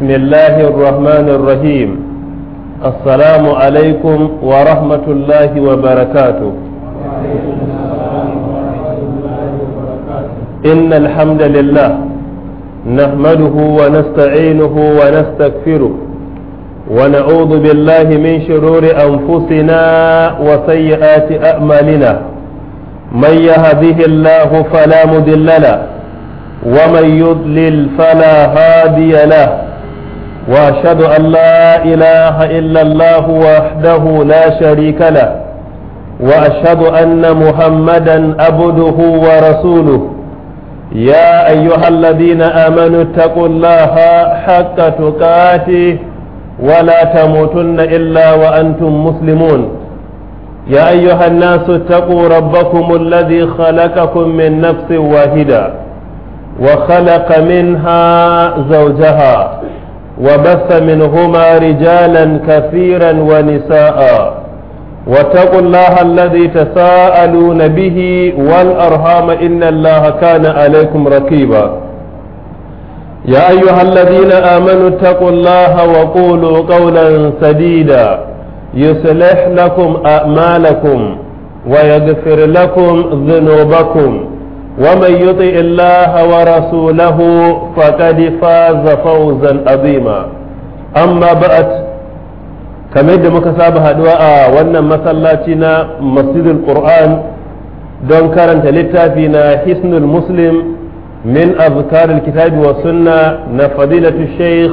بسم الله الرحمن الرحيم السلام عليكم ورحمة الله وبركاته إن الحمد لله نحمده ونستعينه ونستغفره ونعوذ بالله من شرور أنفسنا وسيئات أعمالنا من يهده الله فلا مضل له ومن يضلل فلا هادي له واشهد ان لا اله الا الله وحده لا شريك له واشهد ان محمدا عبده ورسوله يا ايها الذين امنوا اتقوا الله حق تقاته ولا تموتن الا وانتم مسلمون يا ايها الناس اتقوا ربكم الذي خلقكم من نفس واحده وخلق منها زوجها وبث منهما رجالا كثيرا ونساء واتقوا الله الذي تساءلون به والأرحام إن الله كان عليكم رقيبا يا أيها الذين آمنوا اتقوا الله وقولوا قولا سديدا يصلح لكم أعمالكم ويغفر لكم ذنوبكم ومن يطع الله ورسوله فقد فاز فوزا عظيما أما بعد كما يدى مكسابة دعاء وانا مسلاتنا مسجد القرآن دون كارنت لتافينا حسن المسلم من أذكار الكتاب والسنة نفضيلة الشيخ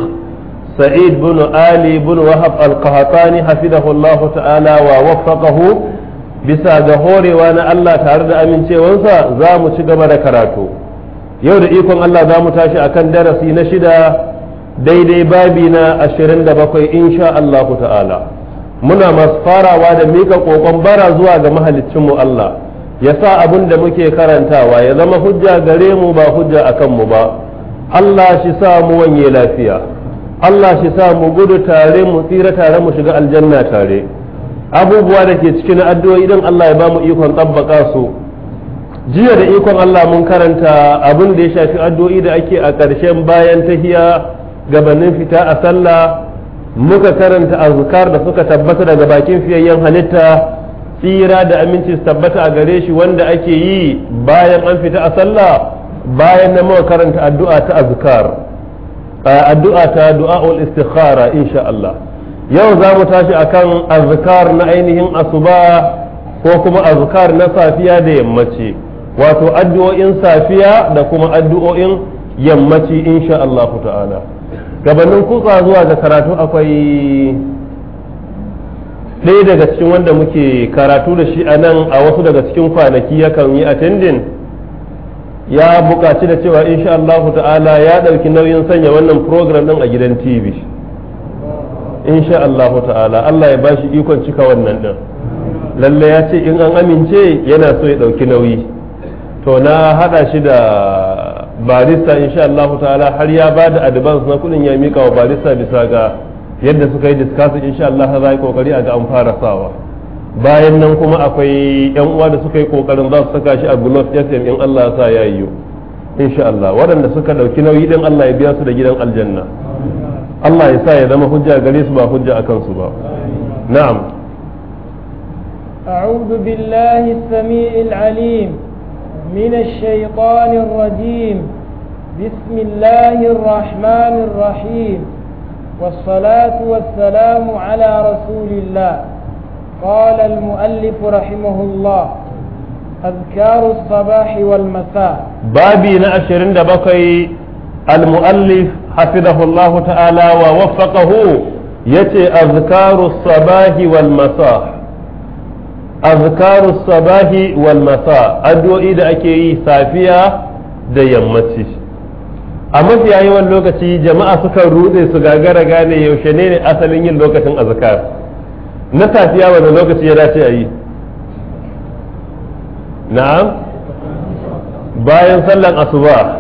سعيد بن آلي بن وهب القهطاني حفظه الله تعالى ووفقه bisa ga horewa na Allah tare da amincewansa za mu ci gaba da karatu yau da ikon Allah za mu tashi akan darasi na shida daidai babi na ashirin da bakwai insha Allahu ta'ala muna masu farawa da mika kokon bara zuwa ga mahalicinmu Allah ya sa abin da muke karantawa ya zama hujja gare mu ba hujja a kanmu ba Allah shi sa mu wanye lafiya Allah shi sa mu gudu tare mu tsira tare mu shiga aljanna tare abubuwa da ke cikin addu'o'i idan Allah ya ba mu ikon tabbaka su jiya da ikon Allah mun karanta abin da ya shafi addu'o'i da ake a ƙarshen bayan tahiya gabanin fita a sallah muka karanta azkar da suka tabbata daga bakin fiyayyen halitta tsira da aminci su tabbata a gare shi wanda ake yi bayan an fita a sallah bayan na muka karanta addu'a ta azkar addu'a ta du'a ul istikhara insha Allah yau za mu tashi kan azkar na ainihin asuba ko kuma azkar na safiya da yammaci wato addu'o'in safiya da kuma addu'o'in yammaci insha Allah ta'ala gabanin kutsa zuwa ga karatu akwai ɗaya daga cikin wanda muke karatu da shi a nan a wasu daga cikin kwanaki yakan yi attending ya buƙaci da cewa insha Allah ta'ala ya ɗauki nauyin sanya wannan program ɗin a gidan tv insha Allah ta'ala Allah ya bashi ikon cika wannan din lalle ya ce in an amince yana so ya dauki nauyi to na hada shi da barista insha Allah ta'ala har ya ba da advance na kuɗin ya mika wa barista bisa ga yadda suka yi discussing insha Allah za yi kokari a ga an fara sawa bayan nan kuma akwai yan uwa da suka yi kokarin za su saka shi a Gulf fm in Allah ya sa ya yiwu insha Allah waɗanda suka dauki nauyi din Allah ya biya su da gidan aljanna الله يسعى sa ya zama hujja gare su نعم أعوذ بالله السميع العليم من الشيطان الرجيم بسم الله الرحمن الرحيم والصلاة والسلام على رسول الله قال المؤلف رحمه الله أذكار الصباح والمساء بابي نأشر عند بقي المؤلف hafidahullahu ta'ala wa waffaqahu yace azkaru sabahi wal masa sabahi wal masa da ake yi safiya da yammaci a mafiya yawan lokaci jama'a sukan rude su gagara gane yaushe ne ne asalin yin lokacin azkar na safiya wanda lokaci ya dace a yi na'am bayan sallan asuba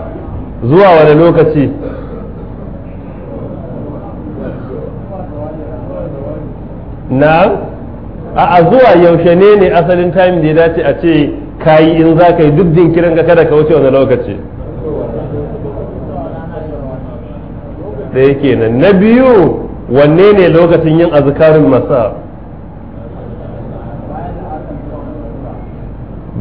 zuwa wane lokaci na a zuwa yaushe ne ne asalin time da ya dace a ce kayi in za ka yi duk jinkirin ka kada ka wuce wani lokaci ɗaya kenan na biyu wanne ne lokacin yin azkarin masa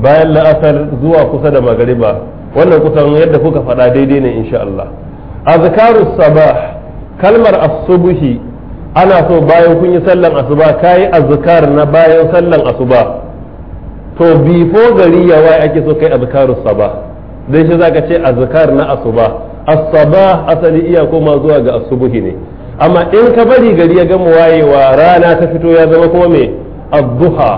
bayan la'asar zuwa kusa da magariba wannan kusan yadda kuka faɗa daidai ne insha Allah azkarus sabah kalmar asubuhi ana so bayan kun yi sallan asuba kayi azkar na bayan sallan asuba to before gari ya waye ake so kai azkar sabah dai shi zaka ce azkar na asuba asuba asali iya koma zuwa ga asubuhi ne amma in ka bari gari ya gama wayewa rana ta fito ya zama kuma me azduha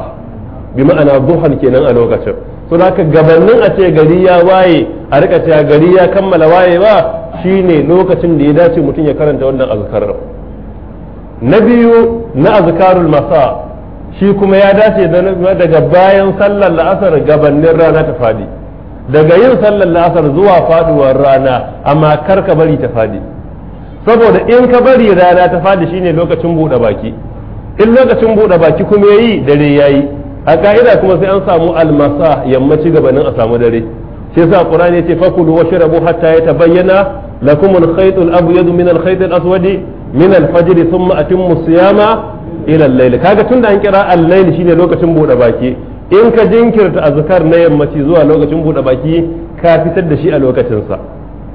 bi ma'ana duhan kenan a lokacin to zaka gabanin a ce gari ya waye a rika cewa gari ya kammala wayewa shine lokacin da ya dace mutum ya karanta wannan azkarar na biyu na azkarul masa shi kuma ya dace daga bayan sallar la'asar gabanin rana ta fadi daga yin sallar la'asar zuwa faduwar rana amma kar ka bari ta fadi saboda in ka bari rana ta fadi shine lokacin buɗe baki in lokacin buɗe baki kuma yayi dare yayi a ka'ida kuma sai an samu almasa yammaci gabanin a samu dare sai sa qur'ani yace fakulu washrabu hatta yatabayyana lakumul khaytul khayt abyad min al khaytil aswadi min alfajiri sun ma'atin musiyama ilal laili kaga tun da an kira shi shine lokacin buɗe baki in ka jinkirta azkar na yammaci zuwa lokacin buɗe baki ka fitar da shi a lokacinsa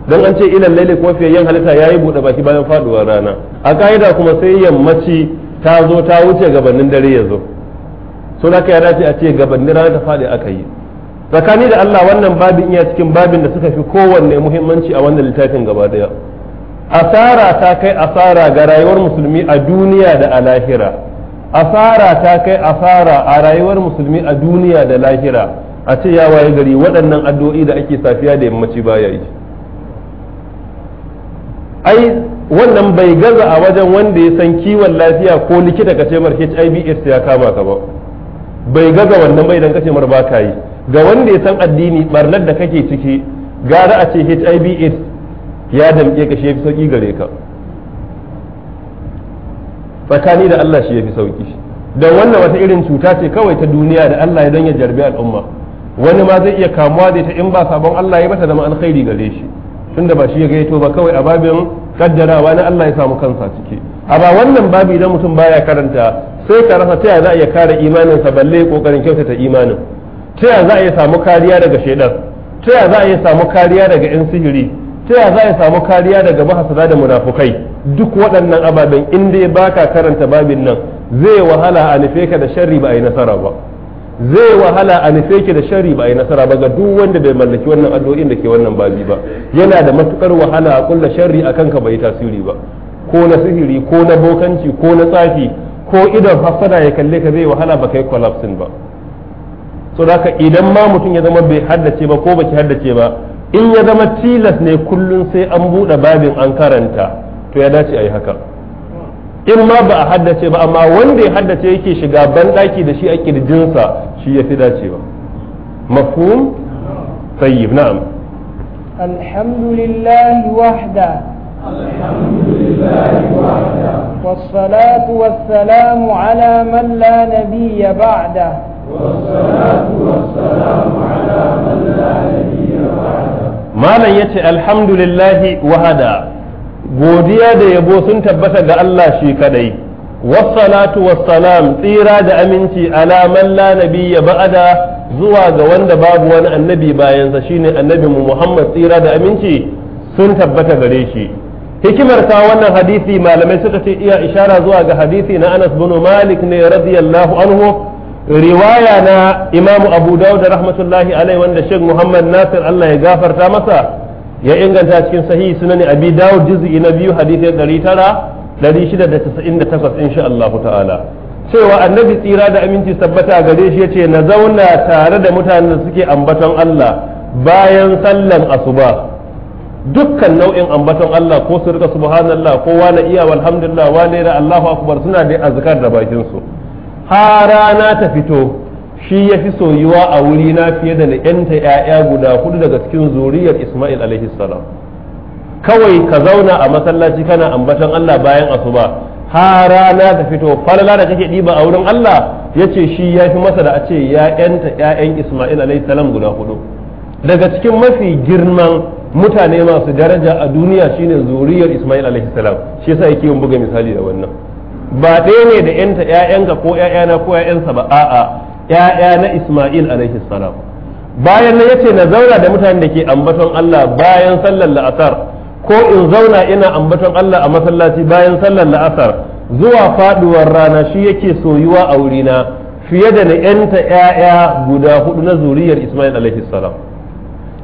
don an ce ilal laili kuma yin halitta yayi buɗe baki bayan faduwar rana a ka'ida kuma sai yammaci ta zo ta wuce gabanin dare ya zo so da ya dace a ce gabanin rana ta faɗi aka yi tsakani da Allah wannan babin iya cikin babin da suka fi kowanne muhimmanci a wannan littafin gaba daya asara ta kai asara ga rayuwar musulmi a duniya da a lahira asara ta kai asara a rayuwar musulmi a duniya da lahira a ce ya waye gari waɗannan addu'o'i da ake safiya da yammaci baya yi ai wannan bai gaza a wajen wanda ya san kiwon lafiya ko likita ka ce mar HIV AIDS ya kama ka ba bai gaza wannan bai dan kace mar ba ka yi ga wanda ya san addini barnar da kake ciki gara a ce HIV AIDS ya damke ka shi yafi sauki gare ka tsakani da Allah shi yafi sauki da wannan wata irin cuta ce kawai ta duniya da Allah ya don ya jarbi al'umma wani ma zai iya kamuwa da ta in ba sabon Allah ya bata zama alkhairi gare shi tunda ba shi ya gaito ba kawai a babin kaddarawa na Allah ya samu kansa ciki a ba wannan babi idan mutum baya karanta sai ka rasa taya za a iya kare imaninsa balle kokarin kyautata imanin ta za a iya samu kariya daga shaidan taya za a iya samu kariya daga yan sihiri ta ya za a samu kariya daga mahasada da munafukai duk waɗannan ababen in dai baka karanta babin nan zai wahala a nufe ka da sharri ba a yi nasara ba zai wahala a nufe ki da sharri ba a yi nasara ba ga duk wanda bai mallaki wannan addu'o'in da ke wannan babi ba yana da matukar wahala a kulla sharri a kanka bai tasiri ba ko na sihiri ko na bokanci ko na tsafi ko idan hasada ya kalle ka zai wahala ba kai collapsing ba so da idan ma mutum ya zama bai haddace ba ko baki haddace ba in ya zama tilas ne kullum sai an buɗe babin an karanta to ya dace a yi haka in ma ba a haddace ba amma wanda ya haddace yake shiga banɗaki da shi a ƙirjinsa shi ya fi dacewa mafhum tayyib na'am alhamdulillahi wahda الحمد لله وحده والصلاة والسلام على من لا نبي بعده والصلاة والسلام على من لا نبي بعده malam yace alhamdulillahi wahada godiya da yabo sun tabbata ga Allah shi kadai wassalatu wassalam tsira da aminci alaman man la nabiyya ba'ada zuwa ga wanda babu wani annabi bayansa shine annabi mu Muhammad tsira da aminci sun tabbata gare shi hikimar ta wannan hadisi malamai suka ce iya ishara zuwa ga hadisi na Anas bin Malik ne radiyallahu anhu riwaya na imamu abu da rahmatullahi alaihi wanda shan muhammad nasir allah ya gafarta masa ya inganta cikin sahihi sunani abi dawud juz'i na biyu hadisi 998 insha Allah ta'ala cewa annabi tsira da aminci tabbata gare shi ya ce na zauna tare da mutanen da suke ambaton Allah bayan sallan asuba dukkan nau'in ambaton Allah ko su rika subhanallah ko wala iya walhamdulillah wala ila Allahu akbar suna da azkar da bakinsu. har rana ta fito shi ya fi soyuwa a wuri na fiye da na yanta ‘ya'ya guda hudu daga cikin zuriyar Ismail alaihi salam kawai ka zauna a masallaci kana ambaton Allah bayan asuba har rana ta fito falala da kake ɗiba a wurin Allah ya ce shi ya fi masa da a ce ya ‘yanta ‘ya'yan Ismail alaihi salam guda hudu daga cikin mafi girman mutane masu daraja a duniya shine zuriyar Ismail alaihi salam shi yasa yake yin buga misali da wannan ba ɗaya ne da yanta ‘ya'yanka ko ‘ya'yana ko ‘ya'yansa ba a'a ‘ya'ya na Ismail alaihi salam bayan na yace na zauna da mutanen da ke ambaton Allah bayan sallar la'asar ko in zauna ina ambaton Allah a masallaci bayan sallar la'asar zuwa faduwar rana shi yake soyuwa a wurina fiye da na ‘yanta ‘ya'ya guda hudu na zuriyar Ismail alaihi salam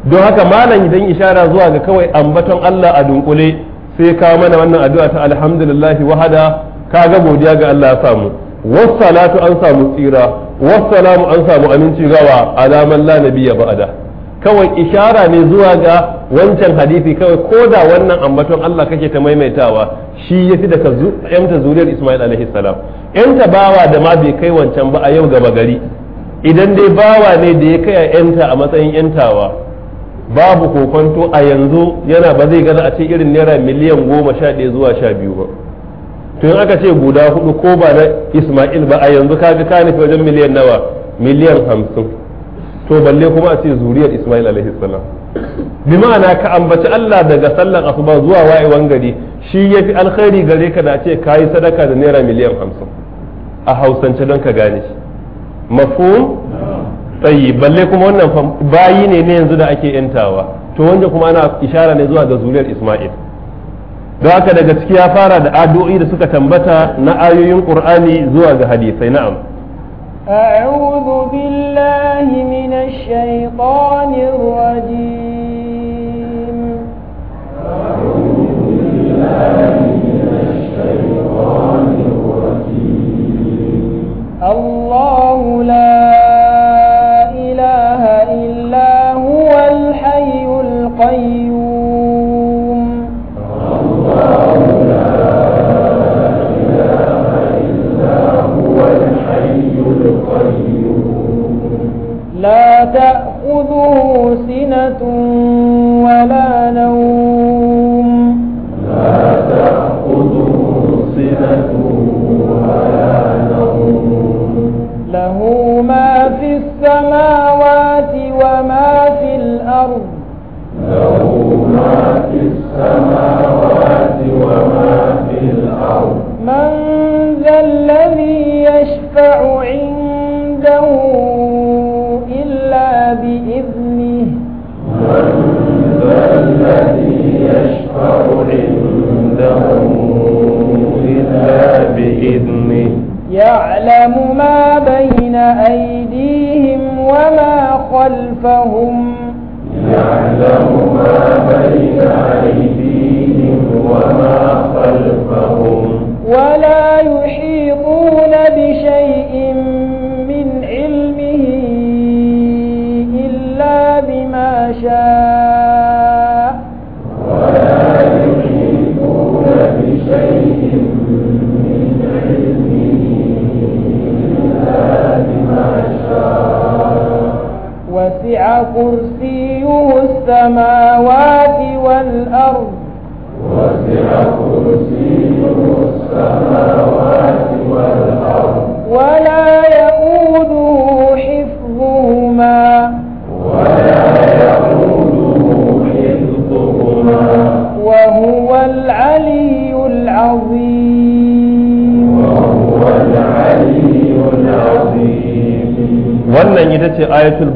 don haka malam idan ishara zuwa ga kawai ambaton Allah a dunkule sai kawo mana wannan addu'a ta alhamdulillahi wahada ka ga godiya ga Allah ya samu wassalatu an samu tsira wassalamu an samu aminci gawa alaman la nabiyya ba'ada kawai ishara ne zuwa ga wancan hadisi kawai ko da wannan ambaton Allah kake ta maimaitawa shi yafi da ka yanta zuriyar Ismail alaihi salam yanta bawa da ma bai kai wancan ba a yau gaba gari idan dai bawa ne da ya kai a yanta a matsayin yantawa babu kokonto a yanzu yana ba zai gaza a ce irin naira miliyan goma sha ɗaya zuwa sha biyu ba to in aka ce guda hudu ko ba na Ismail ba a yanzu kaga kani nufi wajen miliyan nawa miliyan hamsin to balle kuma a ce zuriyar Ismail alaihi salam bi ma'ana ka ambaci Allah daga sallan asuba zuwa wa'i gari shi ya fi alkhairi gare ka da ce yi sadaka da naira miliyan hamsin a hausance don ka gane shi mafhum tsayi balle kuma wannan bayi ne ne yanzu da ake yantawa to wanda kuma ana ishara ne zuwa ga zuriyar Ismail don haka daga ciki ya fara da addu'o'i da suka tambata na ayoyin qur'ani zuwa ga hadisai na'am أعوذ بالله من الشيطان الرجيم أعوذ بالله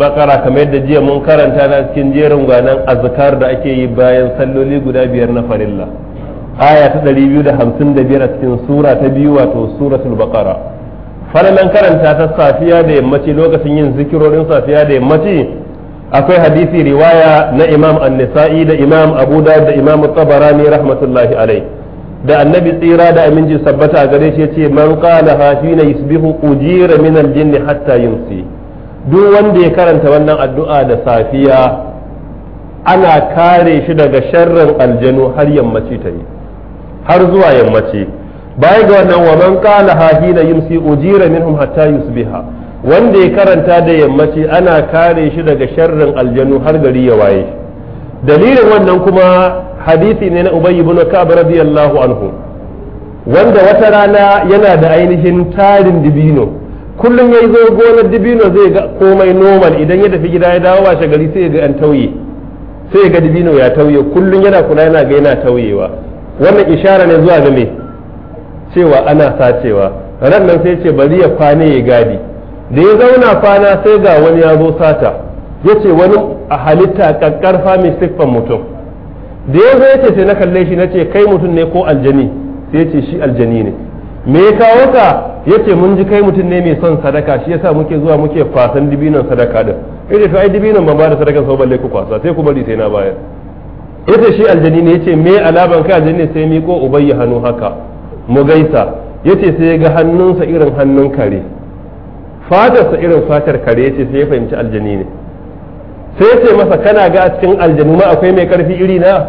bakara kamar yadda jiya mun karanta na cikin jerin gwanan azkar da ake yi bayan salloli guda biyar na farilla aya ta 255 a cikin sura ta biyu wato suratul bakara farallan karanta ta safiya da yammaci lokacin yin zikirorin safiya da yammaci akwai hadisi riwaya na imam an-nisa'i da imam abu dawud da imam tabarani rahmatullahi alai da annabi tsira da aminci sabbata a gare shi yace man qala ha fi na yusbihu ujira min al-jinni hatta yumsi duk wanda ya karanta wannan addu'a da safiya ana kare shi daga sharrin aljanu har yammaci ta yi har zuwa yammaci baya ga wannan wa man qala hina yumsi ujira minhum hatta yusbiha wanda ya karanta da yammaci ana kare shi daga sharrin aljanu har gari ya waye dalilin wannan kuma hadisi ne na ubay ibn ka'b radiyallahu anhu wanda wata rana yana da ainihin tarin dibino kullum ya yi zo gonar dibino zai ga komai normal idan ya tafi gida ya dawo shi gari sai ya ga an tauye sai ya ga dibino ya tauye kullum yana kula yana ga yana tauyewa wannan ishara ne zuwa ga me cewa ana sacewa ran nan sai ce bari ya kwane ya gadi da ya zauna kwana sai ga wani ya zo sata ya ce wani a halitta kakkarfa mai siffan mutum da ya zo ya ce sai na kalle shi na ce kai mutum ne ko aljani sai ya ce shi aljani ne me ya kawo ka yace mun ji kai mutum ne mai son sadaka shi yasa muke zuwa muke fasan dibinan sadaka din yace eh, to ai dibinan ban ba da sadakan sau balle ku kwasa sai ku bari sai na bayar yace shi aljani ne yace me alaban kai aljani ne sai miko ya hannu haka mu gaisa yace sai ya ga hannunsa irin hannun kare fatarsa irin fatar kare yace sai ya fahimci aljani ne sai ce masa kana ga a cikin aljanu ma akwai mai karfi iri na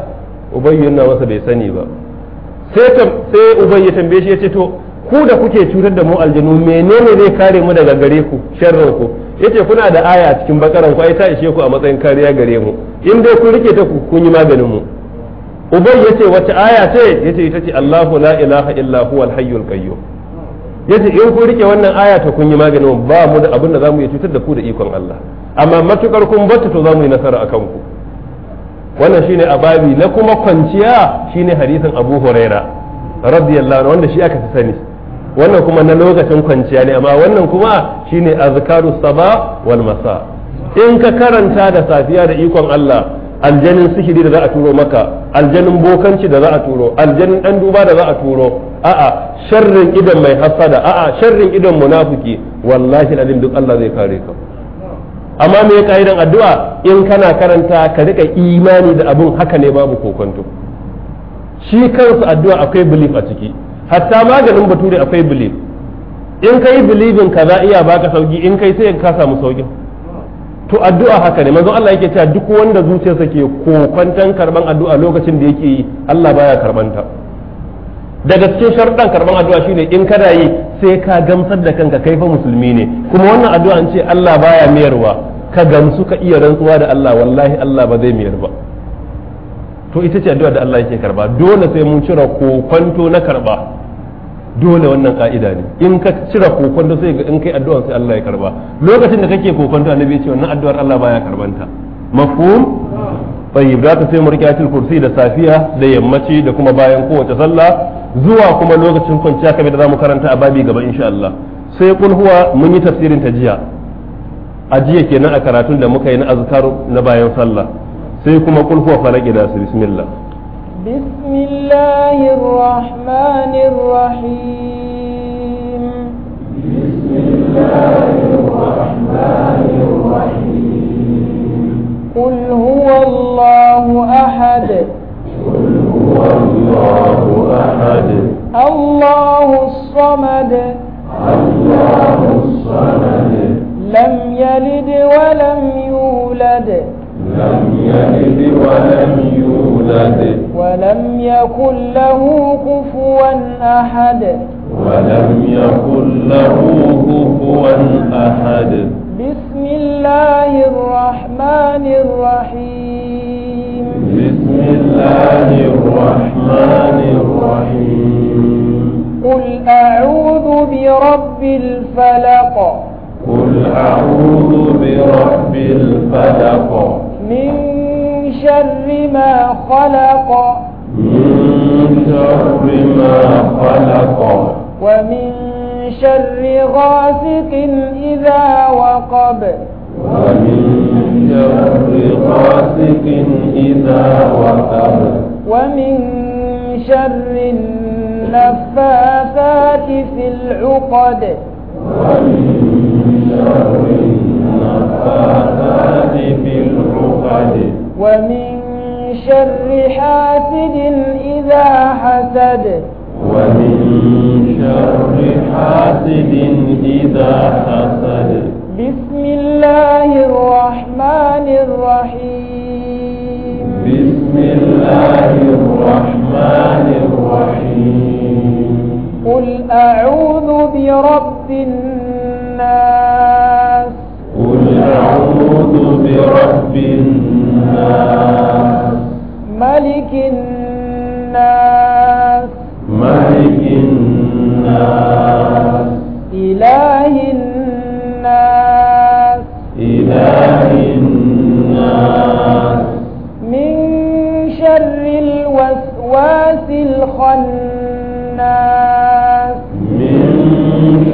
ubayyi na masa bai sani ba sai sai ya tambaye shi ya ce to ku da kuke cutar da mu aljanu menene zai kare mu daga gare ku sharrin ku yace kuna da aya a cikin bakaran ku ai ta ishe ku a matsayin kariya gare mu in dai kun rike ta ku kun yi maganin mu ubay yace wace aya ce yace ita ce Allahu la ilaha illa huwal hayyul qayyum yace in kun rike wannan aya ta kun yi maganin mu ba mu da abin da zamu yi cutar da ku da ikon Allah amma matukar kun batta to zamu yi nasara akan ku wannan shine ababi na kuma kwanciya shine hadisin Abu Huraira radiyallahu anhu wanda shi aka fi sani wannan kuma na lokacin kwanciya ne amma wannan kuma shine azkaru saba wal masa in ka karanta da safiya da ikon Allah aljanin sihiri da za a turo maka aljanin bokanci da za a turo aljanin dan duba da za a turo a'a sharrin idan mai hasada a'a sharrin idan munafiki wallahi alim duk Allah zai kare ka amma me ka'idan addu'a in kana karanta ka rika imani da abun haka ne babu kokonto shi kansa addu'a akwai belief a ciki hatta maganin bature akwai belief in kai bilibin ka za iya baka sauki in kai sai ka samu sauki to addu'a haka ne manzo Allah yake cewa duk wanda zuciyarsa ke kokwantan karban addu'a lokacin da yake yi Allah baya karban ta daga cikin sharɗan karban addu'a shine in kada yi sai ka gamsar da kanka kai fa musulmi ne kuma wannan addu'a an ce Allah baya miyarwa ka gamsu ka iya rantsuwa da Allah wallahi Allah ba zai miyar ba to ita ce addu'a da Allah yake karba dole sai mun cire kokonto na karba dole wannan ka'ida ne in ka cire kokonto sai in kai addu'a sai Allah ya karba lokacin da kake kokonto annabi ya ce wannan addu'ar Allah baya karbanta mafhum tayyib da ta sai mu rike ayatul kursi da safiya da yammaci da kuma bayan kowace sallah zuwa kuma lokacin kwanciya kamar da zamu karanta a babi gaba insha Allah sai kul huwa mun yi tafsirin ta jiya a jiya kenan a karatun da muka yi na azkar na bayan sallah sai kuma kul huwa falaki da su bismillah bismillahir rahmanir rahim bismillahir rahmanir rahim qul huwa allahu ahad qul huwa allahu ahad allahu لم يلد ولم يولد لم يلد ولم يولد ولم يكن له كفوا أحد ولم يكن له كفوا أحد بسم الله الرحمن الرحيم بسم الله الرحمن الرحيم قل أعوذ برب الفلق قل أعوذ برب الفلق من شر ما خلق من شر ما خلق ومن شر غاسق إذا وقب ومن شر غاسق إذا وقب ومن شر النفاثات في العقد ومن شر في العقد ومن شر حاسد إذا حسد ومن شر حاسد إذا حسد بسم الله الرحمن الرحيم بسم الله الرحمن الرحيم قل أعوذ برب الناس برب الناس ملك الناس ملك الناس إله الناس إله الناس من شر الوسواس الخناس من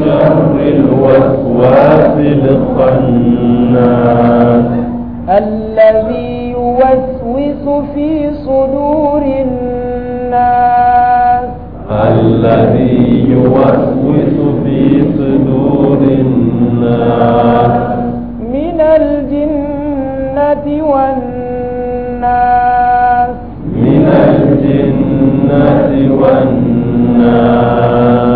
شر الوسواس الخناس الذي يوسوس في صدور الناس الذي يوسوس في صدور الناس من الجنة والناس من الجنة والناس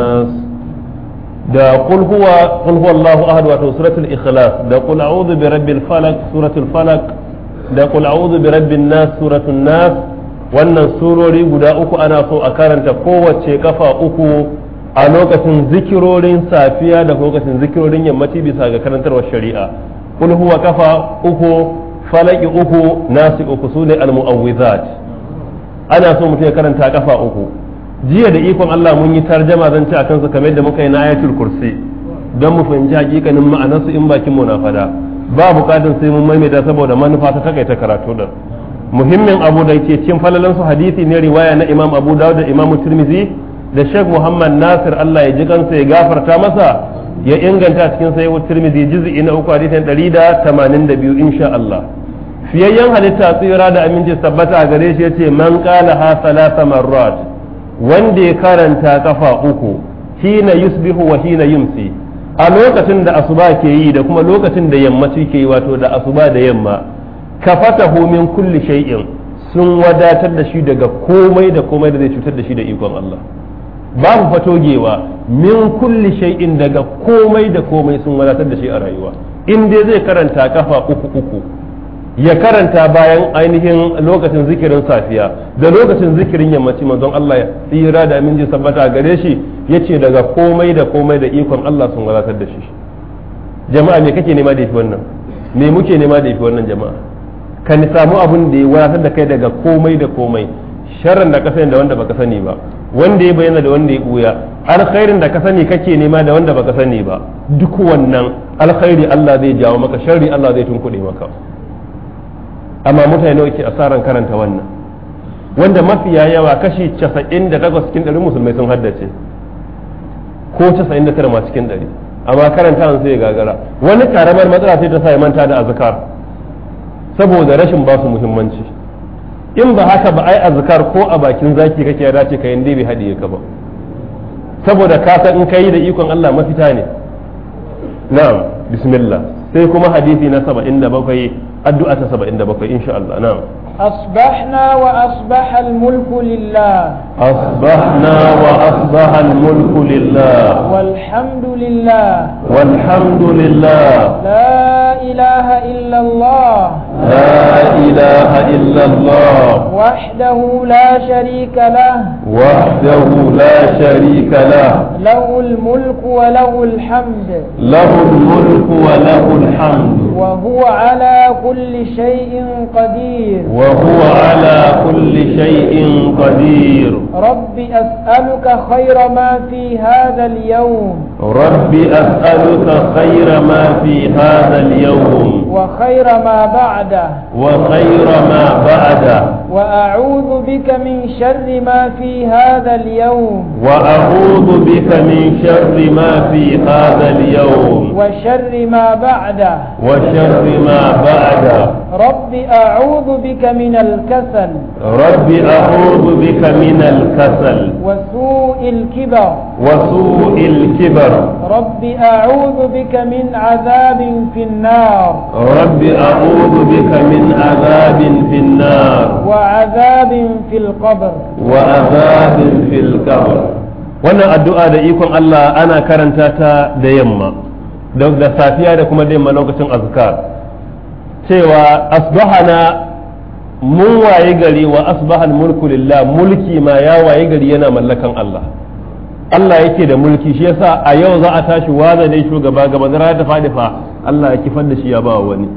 da qul huwa qul ahad wato suratul ikhlas da qul a'udhu bi rabbil falaq suratul falaq da qul a'udhu bi rabbin nas suratul nas wannan surori guda uku ana so a karanta kowace kafa uku a lokacin zikirorin safiya da lokacin zikirorin yammaci bisa ga karantarwar shari'a qul huwa kafa uku falaki uku nasi uku sune al-mu'awwizat ana so mutum ya karanta kafa uku jiya da ikon Allah mun yi tarjama zan ci a kansu kamar yadda muka yi na ayatul kursi don mu fahimci hakikanin ma'anar su in bakin mu na fada ba bukatun sai mun maimaita saboda manufa ta kai ta karatu da muhimmin abu da yake cikin falalan su hadisi ne riwaya na Imam Abu Dawud da Imam Tirmidhi da Sheikh Muhammad Nasir Allah ya ji kansa ya gafarta masa ya inganta cikin sai Tirmidhi juz'i na uku hadisi 182 insha Allah fiyayyen halitta tsira da aminci tabbata gare shi yace man qala ha salata marrat wanda ya karanta kafa uku hina yusbihu wa hina yumsi a lokacin da asuba ke yi da kuma lokacin da yammaci ke yi wato da asuba da yamma kafatahu min kulli shay'in sun wadatar da shi daga komai da komai da zai cutar da shi da ikon Allah babu fatogewa min kulli shay'in daga komai da komai sun wadatar da shi a rayuwa in dai zai karanta kafa uku uku ya karanta bayan ainihin lokacin zikirin safiya da lokacin zikirin yammaci manzon Allah ya tsira da min ji sabbata gare shi ya ce daga komai da komai da ikon Allah sun wadatar da shi jama'a me kake nema da yafi wannan me muke nema da yafi wannan jama'a ka ni samu abin da ya wadatar da kai daga komai da komai sharrin da ka sani da wanda baka sani ba wanda ya bayyana da wanda ya buya alkhairin da ka sani kake nema da wanda baka sani ba duk wannan alkhairi Allah zai jawo maka sharri Allah zai tunkuɗe maka amma mutane nawa ke asaran karanta wannan wanda mafiya yawa kashi 98 cikin 100 musulmai sun haddace ko 99 ma cikin 100 amma karanta sai gagara wani karamar matsala sai ta sa manta da azkar saboda rashin ba su muhimmanci in ba haka ba ai azkar ko a bakin zaki kake ya dace ka yinde bai hadiye ka ba saboda ka san in kai da ikon Allah mafita ne na'am bismillah sai kuma hadisi na 77 addu'a ta 77 insha Allah na'am أصبحنا وأصبح الملك لله أصبحنا وأصبح الملك لله والحمد لله والحمد لله لا إله إلا الله لا إله إلا الله وحده لا شريك له وحده لا شريك له له الملك وله الحمد له الملك وله الحمد وهو على كل شيء قدير وهو على كل شيء قدير رب أسألك خير ما في هذا اليوم رب أسألك خير ما في هذا اليوم وخير ما بعده وخير ما بعده وأعوذ بك من شر ما في هذا اليوم وأعوذ بك من شر ما في هذا اليوم وشر ما بعده وشر ما بعده رب أعوذ بك من الكسل رب أعوذ بك من الكسل وسوء الكبر وسوء الكبر رب أعوذ بك من عذاب في النار رب أعوذ بك من عذاب في النار وعذاب في القبر وعذاب في القبر وانا الدعاء da الله أنا ana ديما ta da yamma da safiya da kuma da cewa asbahana mun waye gari wa asbahal mulku lillah mulki ma ya waye gari yana mallakan Allah Allah yake da mulki shi yasa a yau za a tashi waza ne shugaba gaba na rana ta fadi fa Allah ya kifar da shi ya ba wani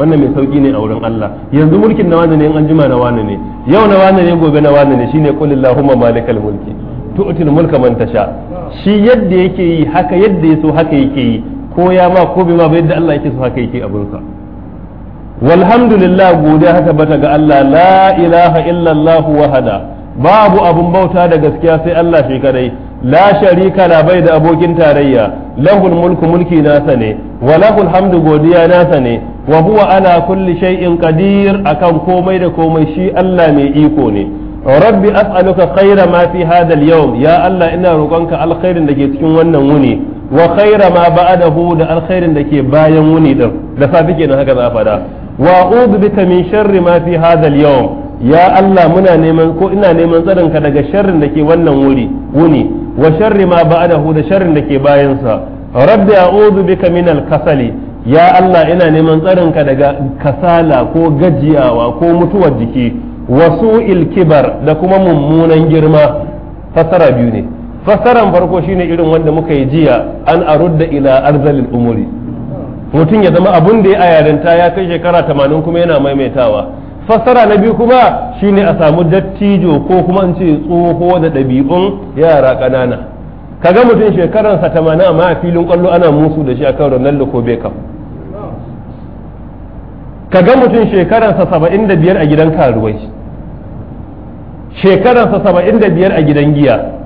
wannan mai sauki ne a wurin Allah yanzu mulkin na wani ne an jima na wani ne yau na wani ne gobe na wani ne shine qul allahumma malikal mulki tu'til mulka man tasha shi yadda yake yi haka yadda yaso haka yake yi ko ya ma ko bai ma ba yadda Allah yake so haka yake abunsa walhamdulillah godiya haka bata ga Allah la ilaha illallah wahada babu abun bauta da gaskiya sai Allah shi kadai la sharika la bai da abokin tarayya lahul mulku mulki nasa ne wa lahul hamdu godiya nasa ne wa huwa ala kulli shay'in qadir akan komai da komai shi Allah mai iko ne rabbi as'aluka khaira ma fi hadha al-yawm ya Allah ina roƙonka alkhairin da ke cikin wannan wuni wa khaira ma ba'dahu da alkhairin da ke bayan wuni din da safi kenan haka za a fada wa a'udhu bika min sharri ma fi hadha al-yawm ya Allah muna neman ko ina neman tsarin ka daga sharrin da ke wannan wuri wuni wa sharri ma ba'dahu da sharrin da ke bayan sa rabbi a'udhu bika min al-kasali ya Allah ina neman tsarinka ka daga kasala ko gajiyawa ko mutuwar jiki wa su'il kibar da kuma mummunan girma fasara biyu ne fasaran farko shine irin wanda muka yi jiya an arudda ila arzalil umuri mutum ya zama abun da ya ayarinta yarinta ya kai shekara tamanin kuma yana maimaitawa fassara na biyu kuma shine a samu dattijo ko kuma in ce tsoho da ɗabi'un yara ƙanana kaga mutum shekaransa tamanin amma a filin ƙwallo ana musu da shi akan Ronaldo ko bekam kaga mutum shekaransa saba'in da biyar a gidan karuwai shekaransa saba'in da biyar a gidan giya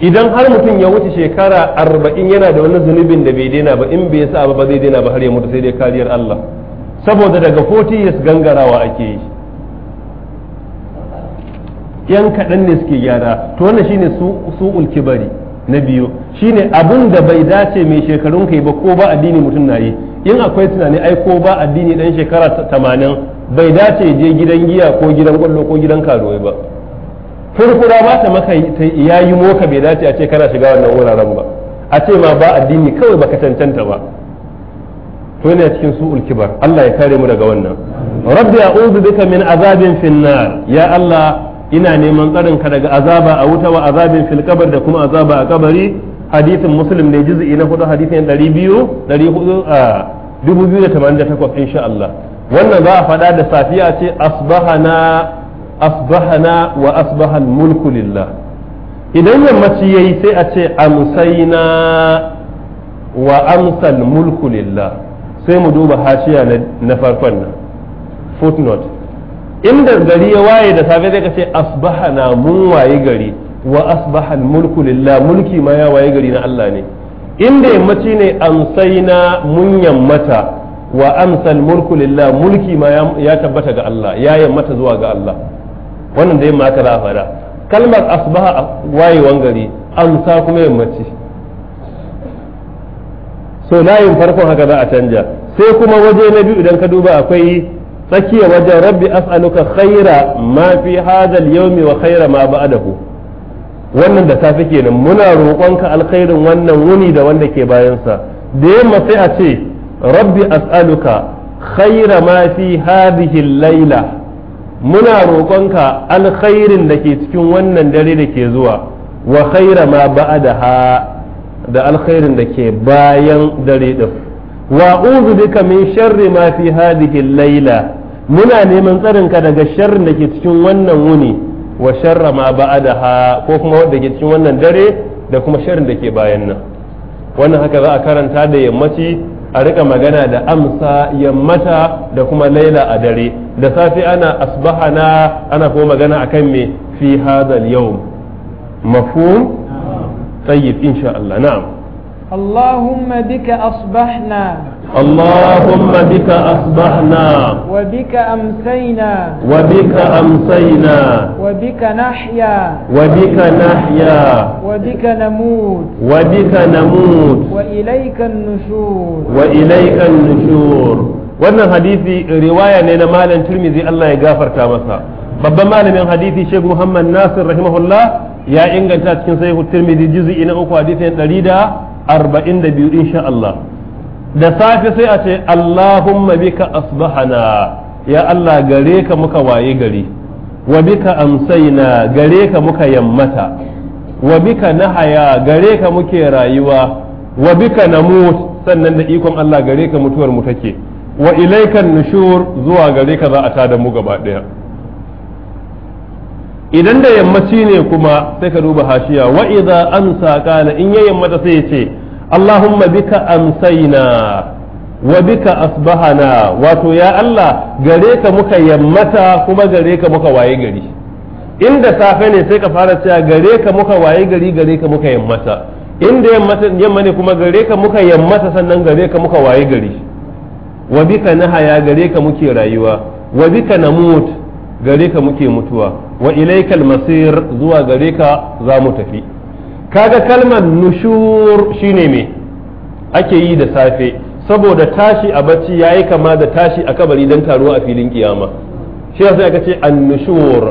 idan har mutum ya wuce shekara arba'in yana da wani zunubin da bai daina ba in bai sa ba zai daina ba har ya mutu sai dai kariyar Allah saboda daga 40 years gangarawa ake yi yan kaɗan ne suke gyara to wannan shine su ulkibari na biyu shine abun da bai dace mai shekarun kai ba ko ba addini mutum na yi in akwai tunani ai ko ba addini dan shekara 80 bai dace je gidan giya ko gidan kwallo ko gidan karuwai ba furfura ba ta maka ya yi moka bai dace a ce kana shiga wannan wuraren ba a ce ma ba addini kawai baka cancanta ba to ne cikin su ulkibar Allah ya kare mu daga wannan rabbi a'udhu bika min azabin finnar ya Allah ina neman tsarin ka daga azaba a wuta wa azabin fil kabar da kuma azaba a kabari hadithin muslim ne juz'i na hudu hadithin 200 2488 insha Allah wannan za a faɗa da safiya ce asbahana asbahana wa asbahal mulku lillah idan yammaci yayi sai ace ce amsaina wa amsal mulku lillah sai mu duba hashiya na farkon inda gari ya waye da safe zai ce asbahana mun waye gari wa asbahal mulku lillah mulki ma ya waye gari na Allah ne inda yammaci ne amsaina mun yammata wa amsal mulku lillah mulki ma ya tabbata ga Allah ya yammata zuwa ga Allah wannan da yamma aka fada kalmar asbaha a wayewan gari amsa kuma yammaci so layin farkon haka za a canja sai kuma waje na biyu idan ka duba akwai tsakiya wajen rabbi as'aluka khaira ma fi hadal yawmi wa khaira ma ba'dahu wannan da safe kenan muna roƙonka alkhairin wannan wuni da wanda ke bayansa da yamma sai a ce rabbi as'aluka khaira ma fi hadhihi layla muna roƙonka alkhairin da ke cikin wannan dare da ke zuwa wa khaira ma ba'a da alkhairin da ke bayan dare din wa uzu bika min sharri ma fi hadhihi layla muna neman tsarinka daga sharrin da ke cikin wannan wuni wa sharra ma ha ko kuma wanda ke cikin wannan dare da kuma sharrin da ke bayan nan wannan haka za a karanta da yammaci a rika magana da amsa yammata da kuma laila a dare da safe ana asbahana ana kuma magana akan me fi hadha al-yawm mafhum tayyib insha Allah na'am اللهم بك أصبحنا اللهم بك أصبحنا وبك أمسينا وبك أمسينا وبك نحيا وبك نحيا وبك نموت وبك نموت وإليك النشور وإليك النشور wannan hadisi riwaya ne na malam turmizi Allah ya gafarta masa babban malamin hadisi Sheikh Muhammad Nasir rahimahullah ya inganta cikin sahihu turmizi juz'i na uku hadisin da. arba'in da biyu insha Allah da safe sai a ce Allahumma bika asbahana ya Allah gare ka muka waye gari wa bika amsaina gare ka muka yammata wa bika nahaya gare ka muke rayuwa wa bika namut sannan da ikon Allah gare ka mutuwar mu take wa ilaikan nushur zuwa gare ka za a tada mu gaba daya idan da yammaci ne kuma sai ka duba hashiya wa idza amsa kana in ya yammata sai ya ce Allahumma bika amsaina wa bika asbahana wato ya Allah gare ka muka yammata kuma gare ka muka waye gari inda safe ne sai ka fara cewa gare ka muka waye gari gare ka muka yammata inda yammata yamma ne kuma gare ka muka yammata sannan gare ka muka waye gari wa bika nahaya gare ka muke rayuwa wa bika namut gare ka muke mutuwa wa ilaikal masir zuwa gare ka za mu tafi kaga kalmar nushur shine me ake yi da safe saboda tashi a bacci yayi kama da tashi a kabari dan taruwa a filin kiyama shi yasa aka ce annushur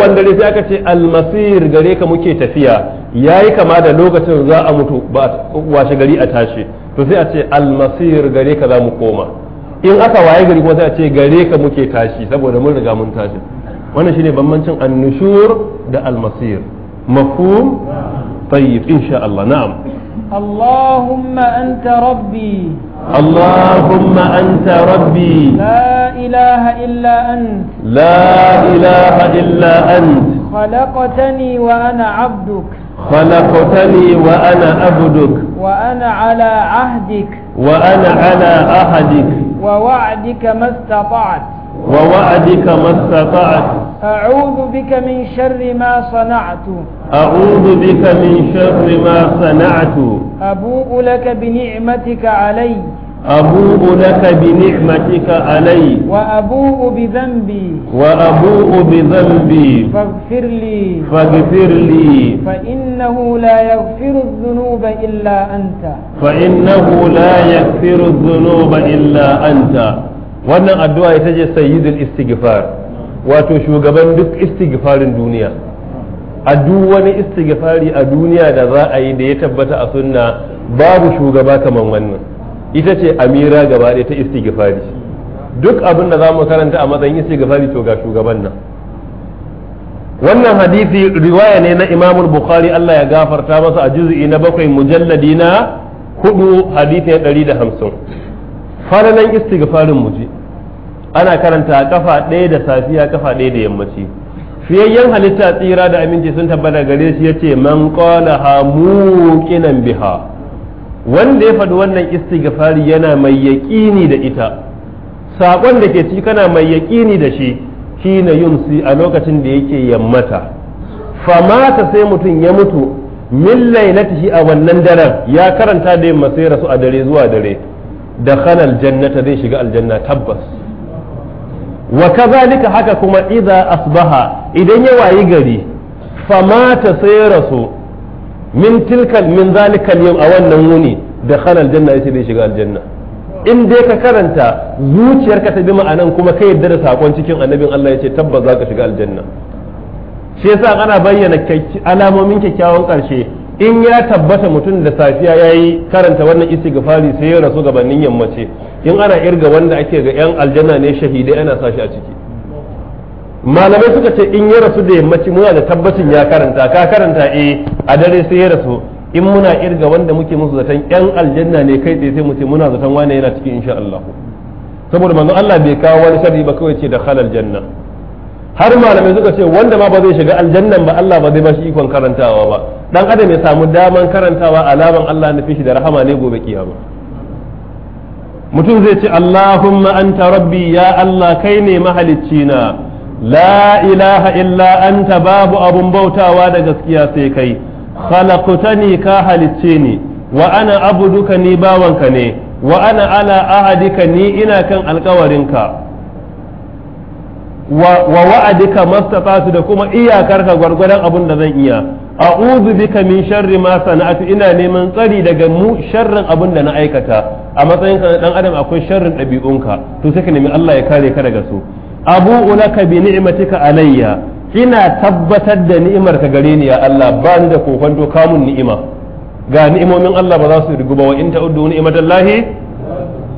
wanda dare sai aka ce almasir gare ka muke tafiya yayi kama da lokacin za a mutu ba washe gari a tashi to sai a ce almasir gare ka za mu koma in aka waye gari kuma sai a ce gare ka muke tashi saboda mun riga mun tashi wannan shine bambancin annushur da almasir مفهوم طيب إن شاء الله نعم اللهم أنت ربي اللهم أنت ربي لا إله إلا أنت لا إله إلا أنت خلقتني وأنا عبدك خلقتني وأنا عبدك وأنا على عهدك وأنا على عهدك ووعدك ما استطعت ووعدك ما استطعت أعوذ بك من شر ما صنعت أعوذ بك من شر ما صنعت أبوء لك بنعمتك علي أبوء لك بنعمتك علي وأبوء بذنبي وأبوء بذنبي فاغفر لي فاغفر لي فإنه لا يغفر الذنوب إلا أنت فإنه لا يغفر الذنوب إلا أنت وأنا أدعو يتجي سيد الاستغفار wato shugaban duk istighfarin duniya a duk wani istighfari a duniya da za a yi da ya tabbata a sunna babu shugaba kamar wannan ita ce amira gaba ɗaya ta istighfari duk abin da za mu karanta a matsayin istighfari to ga shugaban nan wannan hadisi riwaya ne na imam bukhari Allah ya gafarta masa a juz'i na bakwai mujalladi na hudu hadisi na ɗari da hamsin falalan istighfarin mu ana karanta kafa ɗaya da safiya kafa ɗaya da yammaci fiyayyen halitta tsira da aminci sun tabbata gare shi yace man mu muqinan biha wanda ya faɗi wannan istighfari yana mai yaƙini da ita saƙon da ke ci kana mai yaƙini da shi shine yumsi a lokacin da yake yammata famata sai mutum ya mutu min lailatihi a wannan daren ya karanta da yamma sai rasu a dare zuwa dare da khanal jannata zai shiga aljanna tabbas wa kazalika haka kuma idza asbaha idan ya wayi gari famata sai rasu min tilka min zalikal yau a wannan wuni da khalal janna yace zai shiga aljanna in dai ka karanta zuciyarka ta bi ma'anan kuma ka yarda da sakon cikin annabin Allah yace tabbas za ka shiga aljanna shi yasa ana bayyana alamomin kyakkyawan karshe in ya tabbata mutum da safiya ya yi karanta wannan ga fari sai ya rasu gabanin yammace in ana irga wanda ake ga yan aljanna ne shahidai ana sashi a ciki malamai suka ce in ya rasu da yammaci muna da tabbacin ya karanta ka karanta eh a dare sai ya rasu in muna irga wanda muke musu zaton yan aljanna ne kai tsaye sai mu muna zaton wane yana ciki insha Allah saboda manzon Allah bai kawo wani sharri ba kawai ce da halal janna har malamai suka ce wanda ma ba zai shiga aljannan ba Allah ba zai shi ikon karantawa ba dan adam ya samu daman karantawa alaman Allah na shi da rahama ne gobe kiyama mutum zai ce Allahumma anta rabbi ya Allah kai ne mahalicci na la ilaha illa anta babu abun bautawa da gaskiya sai kai khalaqtani ka halicce ni wa ana abuduka ni bawanka ne wa ana ala ahadika ni ina kan alkawarinka wa wa'adika mastata'tu da kuma iyakarka gwargwadon abin da zan iya a'udhu bika min sharri ma sana'atu ina neman tsari daga mu sharrin abin da na aikata a matsayin ka dan adam akwai sharrin dabi'unka to sai ka nemi Allah ya kare ka daga su abu ulaka bi ni'matika alayya ina tabbatar da ni'imar ka gare ni ya Allah ba ni da kokonto kamun ni'ima ga ni'imomin Allah ba za su rigu ba wa in ta'uddu ni'matallahi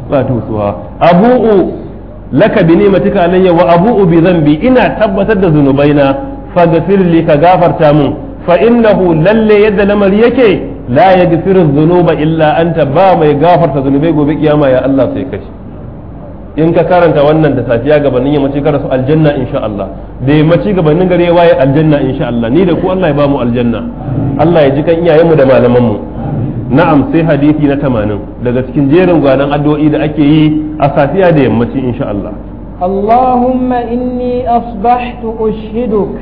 la tusuha abu'u laka bi ni'matika alayya wa abu'u bi dhanbi ina tabbatar da zunubaina faghfir li ka gafarta mun fa innahu lalle yadda lamar yake la yaghfiru dhunuba illa anta ba mai gafarta zunubai gobe kiyama ya Allah sai kai in ka karanta wannan da safiya gabanin ya mace karasu aljanna insha Allah da ya mace gabanin gare waye aljanna insha Allah ni da ku Allah ya ba mu aljanna Allah ya ji kan iyayen mu da malamanmu mu na'am sai hadisi na tamanin daga cikin jerin gwanan addu'o'i da ake yi a safiya da yammaci insha Allah اللهم إني أصبحت أشهدك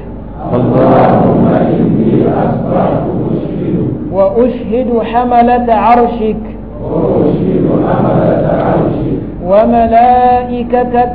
اللهم إني أصبحت أشهدك وأشهد حملة عرشك وأشهد حملة عرشك وملائكتك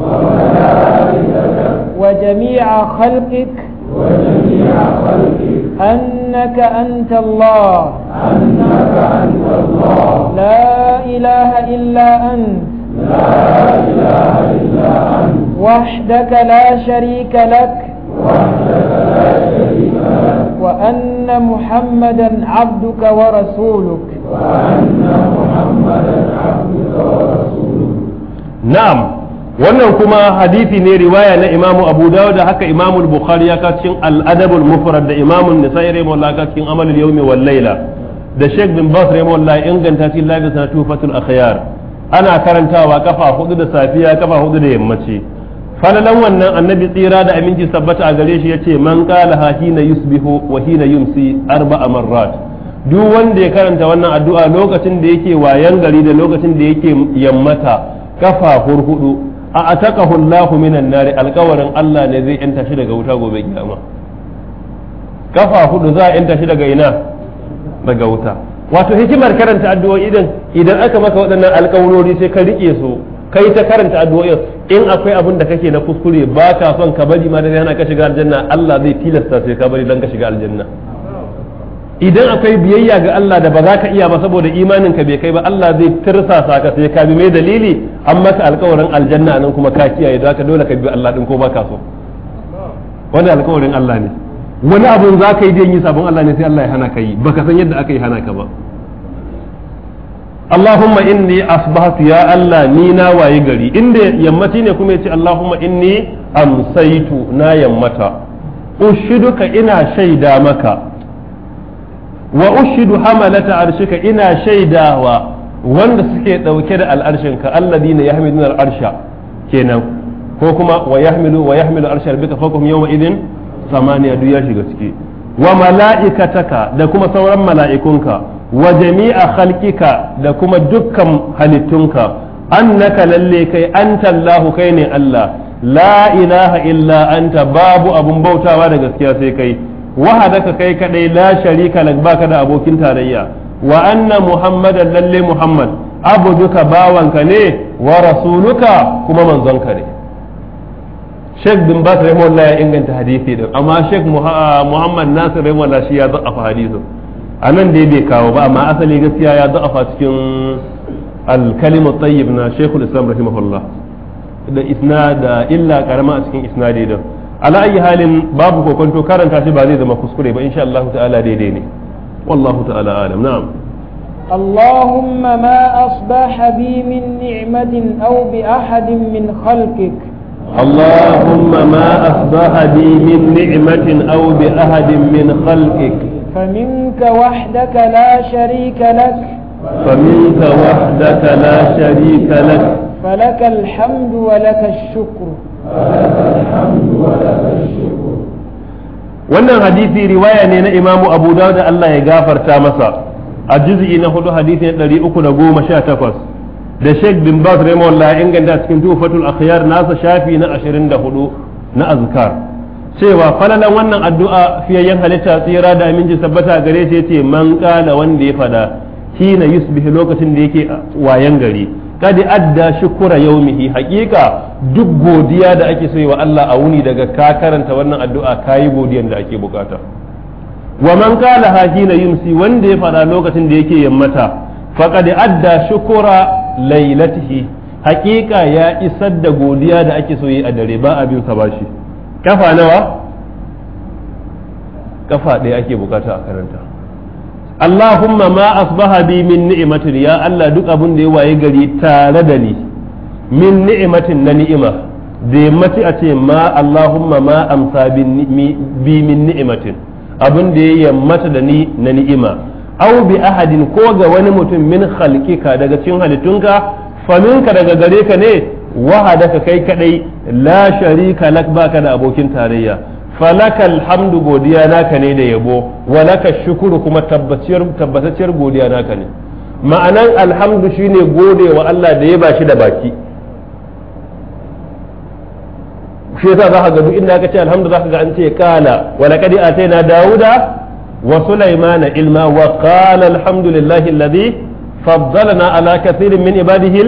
وملائكتك وجميع خلقك وجميع خلقك أنك أنت الله أنك أنت الله لا إله إلا أنت لا إله إلا أنت وحدك لا شريك لك وحدك لا شريك لك وأن محمدا عبدك ورسولك وأن محمدا عبدك ورسولك نعم wannan kuma hadisi ne riwaya na imamu abu dawud da haka imamu bukhari ya kawo cikin al'adabul mufrad da imamu nisa'i rahimahullah ka cikin amalul yawmi wal layla da sheikh bin bas rahimahullah inganta cikin lafiya na tufatul akhyar ana karantawa kafa hudu da safiya kafa hudu da yammaci falalan wannan annabi tsira da aminci sabbata a gare shi yace man qala ha hina yusbihu wa hina yumsi arba'a marrat duk wanda ya karanta wannan addu'a lokacin da yake wayan gari da lokacin da yake yammata kafa hurhudu a atakahu Allahu minan nari alkawarin Allah ne zai yanta shi daga wuta gobe kiyama kafa hudu za a yanta shi daga ina daga wuta wato hikimar karanta addu'o'i din idan aka maka waɗannan alkawarori sai ka rike su kai ta karanta addu'o'i in akwai abin da kake na kuskure ba ka son ka bari ma da yana ka shiga aljanna Allah zai tilasta sai ka bari dan ka shiga aljanna idan akwai biyayya ga Allah da ba za ka iya ba saboda imanin ka bai kai ba Allah zai tirsasa ka sai ka bi mai dalili an maka alƙawarin aljanna nan kuma ka kiyaye da ka dole ka bi Allah din ko ba ka so wannan alƙawarin Allah ne wani abun za ka yi dan yi sabon Allah ne sai Allah ya hana ka yi baka san yadda aka yi hana ka ba Allahumma inni asbahtu ya Allah ni na waye gari inda yammaci ne kuma yace Allahumma inni amsaitu na yammata ushiduka ina shaida maka wa ushidu hamalata arshika ina shaidawa wanda suke dauke da al'arshinka alladina yahmiduna al'arsha kenan ko kuma wa yahmilu wa yahmilu arshal bika fawqahum yawma idin samaniya duk shiga ciki wa mala'ikataka da kuma sauran mala'ikunka wa jami'a khalqika da kuma dukkan halittunka annaka lalle kai anta allah kai ne Allah la ilaha illa anta babu abun bautawa da gaskiya sai kai wahadaka kai kadai la sharika lak baka da abokin tarayya wa anna muhammadan lalle muhammad abuduka bawanka ne wa rasuluka kuma manzonka ne Sheikh bin Bas rahimahullah ya inganta hadisi din amma Sheikh ah, Muhammad Nasir rahimahullah shi ya da'afa a anan dai bai kawo ba amma asali gaskiya ya da'afa cikin al tayyib na Sheikhul Islam rahimahullah da isna da illa karama a cikin isnadi din ala ayi halin babu kokonto karanta shi ba zai zama kuskure ba insha Allah ta'ala daidai ne wallahu ta'ala alam na'am اللهم ما أصبح بي من نعمة أو بأحد من خلقك اللهم ما أصبح بي من نعمة أو بأحد من خلقك فمنك وحدك لا شريك لك فمنك وحدك لا شريك لك فلك الحمد ولك الشكر wannan hadisi riwaya ne na imamu abu dawud da Allah ya gafarta masa a juz'i na hudu hadisi na ɗari uku da goma sha Sheikh bin bas raymond la inganta cikin fatul Akhyar nasa shafi na ashirin da hudu na azkar cewa falalan wannan addu'a fiyayyen halitta tsira da aminci tabbata gare shi ce man kala wanda ya fada na yusbih lokacin da yake wayan gari kadi adda shukura yaumihi haƙiƙa duk godiya da ake so wa Allah a wuni daga ka karanta wannan addu'a kayi godiyan da ake bukata wa man na hajina yumsi wanda ya faɗa lokacin da yake yammata faqad adda shukura lailatihi haƙiƙa ya isar da godiya da ake so yi a dare ba abin sa bashi kafa nawa kafa ɗaya ake bukata a karanta Allahumma ma asbaha bi min ni'matin ya Allah duk abun da ya waye gari tare da ni min ni'matin na ni'ima da mace a ce ma Allahumma ma amsa bi min ni'matin abun da ya yammata da ni na ni'ima aw bi ahadin ko ga wani mutum min khalqika daga cikin halittunka faminka daga gare ka ne wahadaka kai kadai la sharika lak baka da abokin tarayya falakal hamdu godiya naka ne da yabo walaka shukuru kuma tabbatacciyar godiya naka ne ma'anan alhamdu shine gode wa Allah da ya bashi da baki shi yasa zaka ga duk inda aka ce alhamdu zaka ga an ce qala wa laqad dauda wa sulaymana ilma wa qala alhamdulillahi alladhi faddalana ala kathirin min ibadihi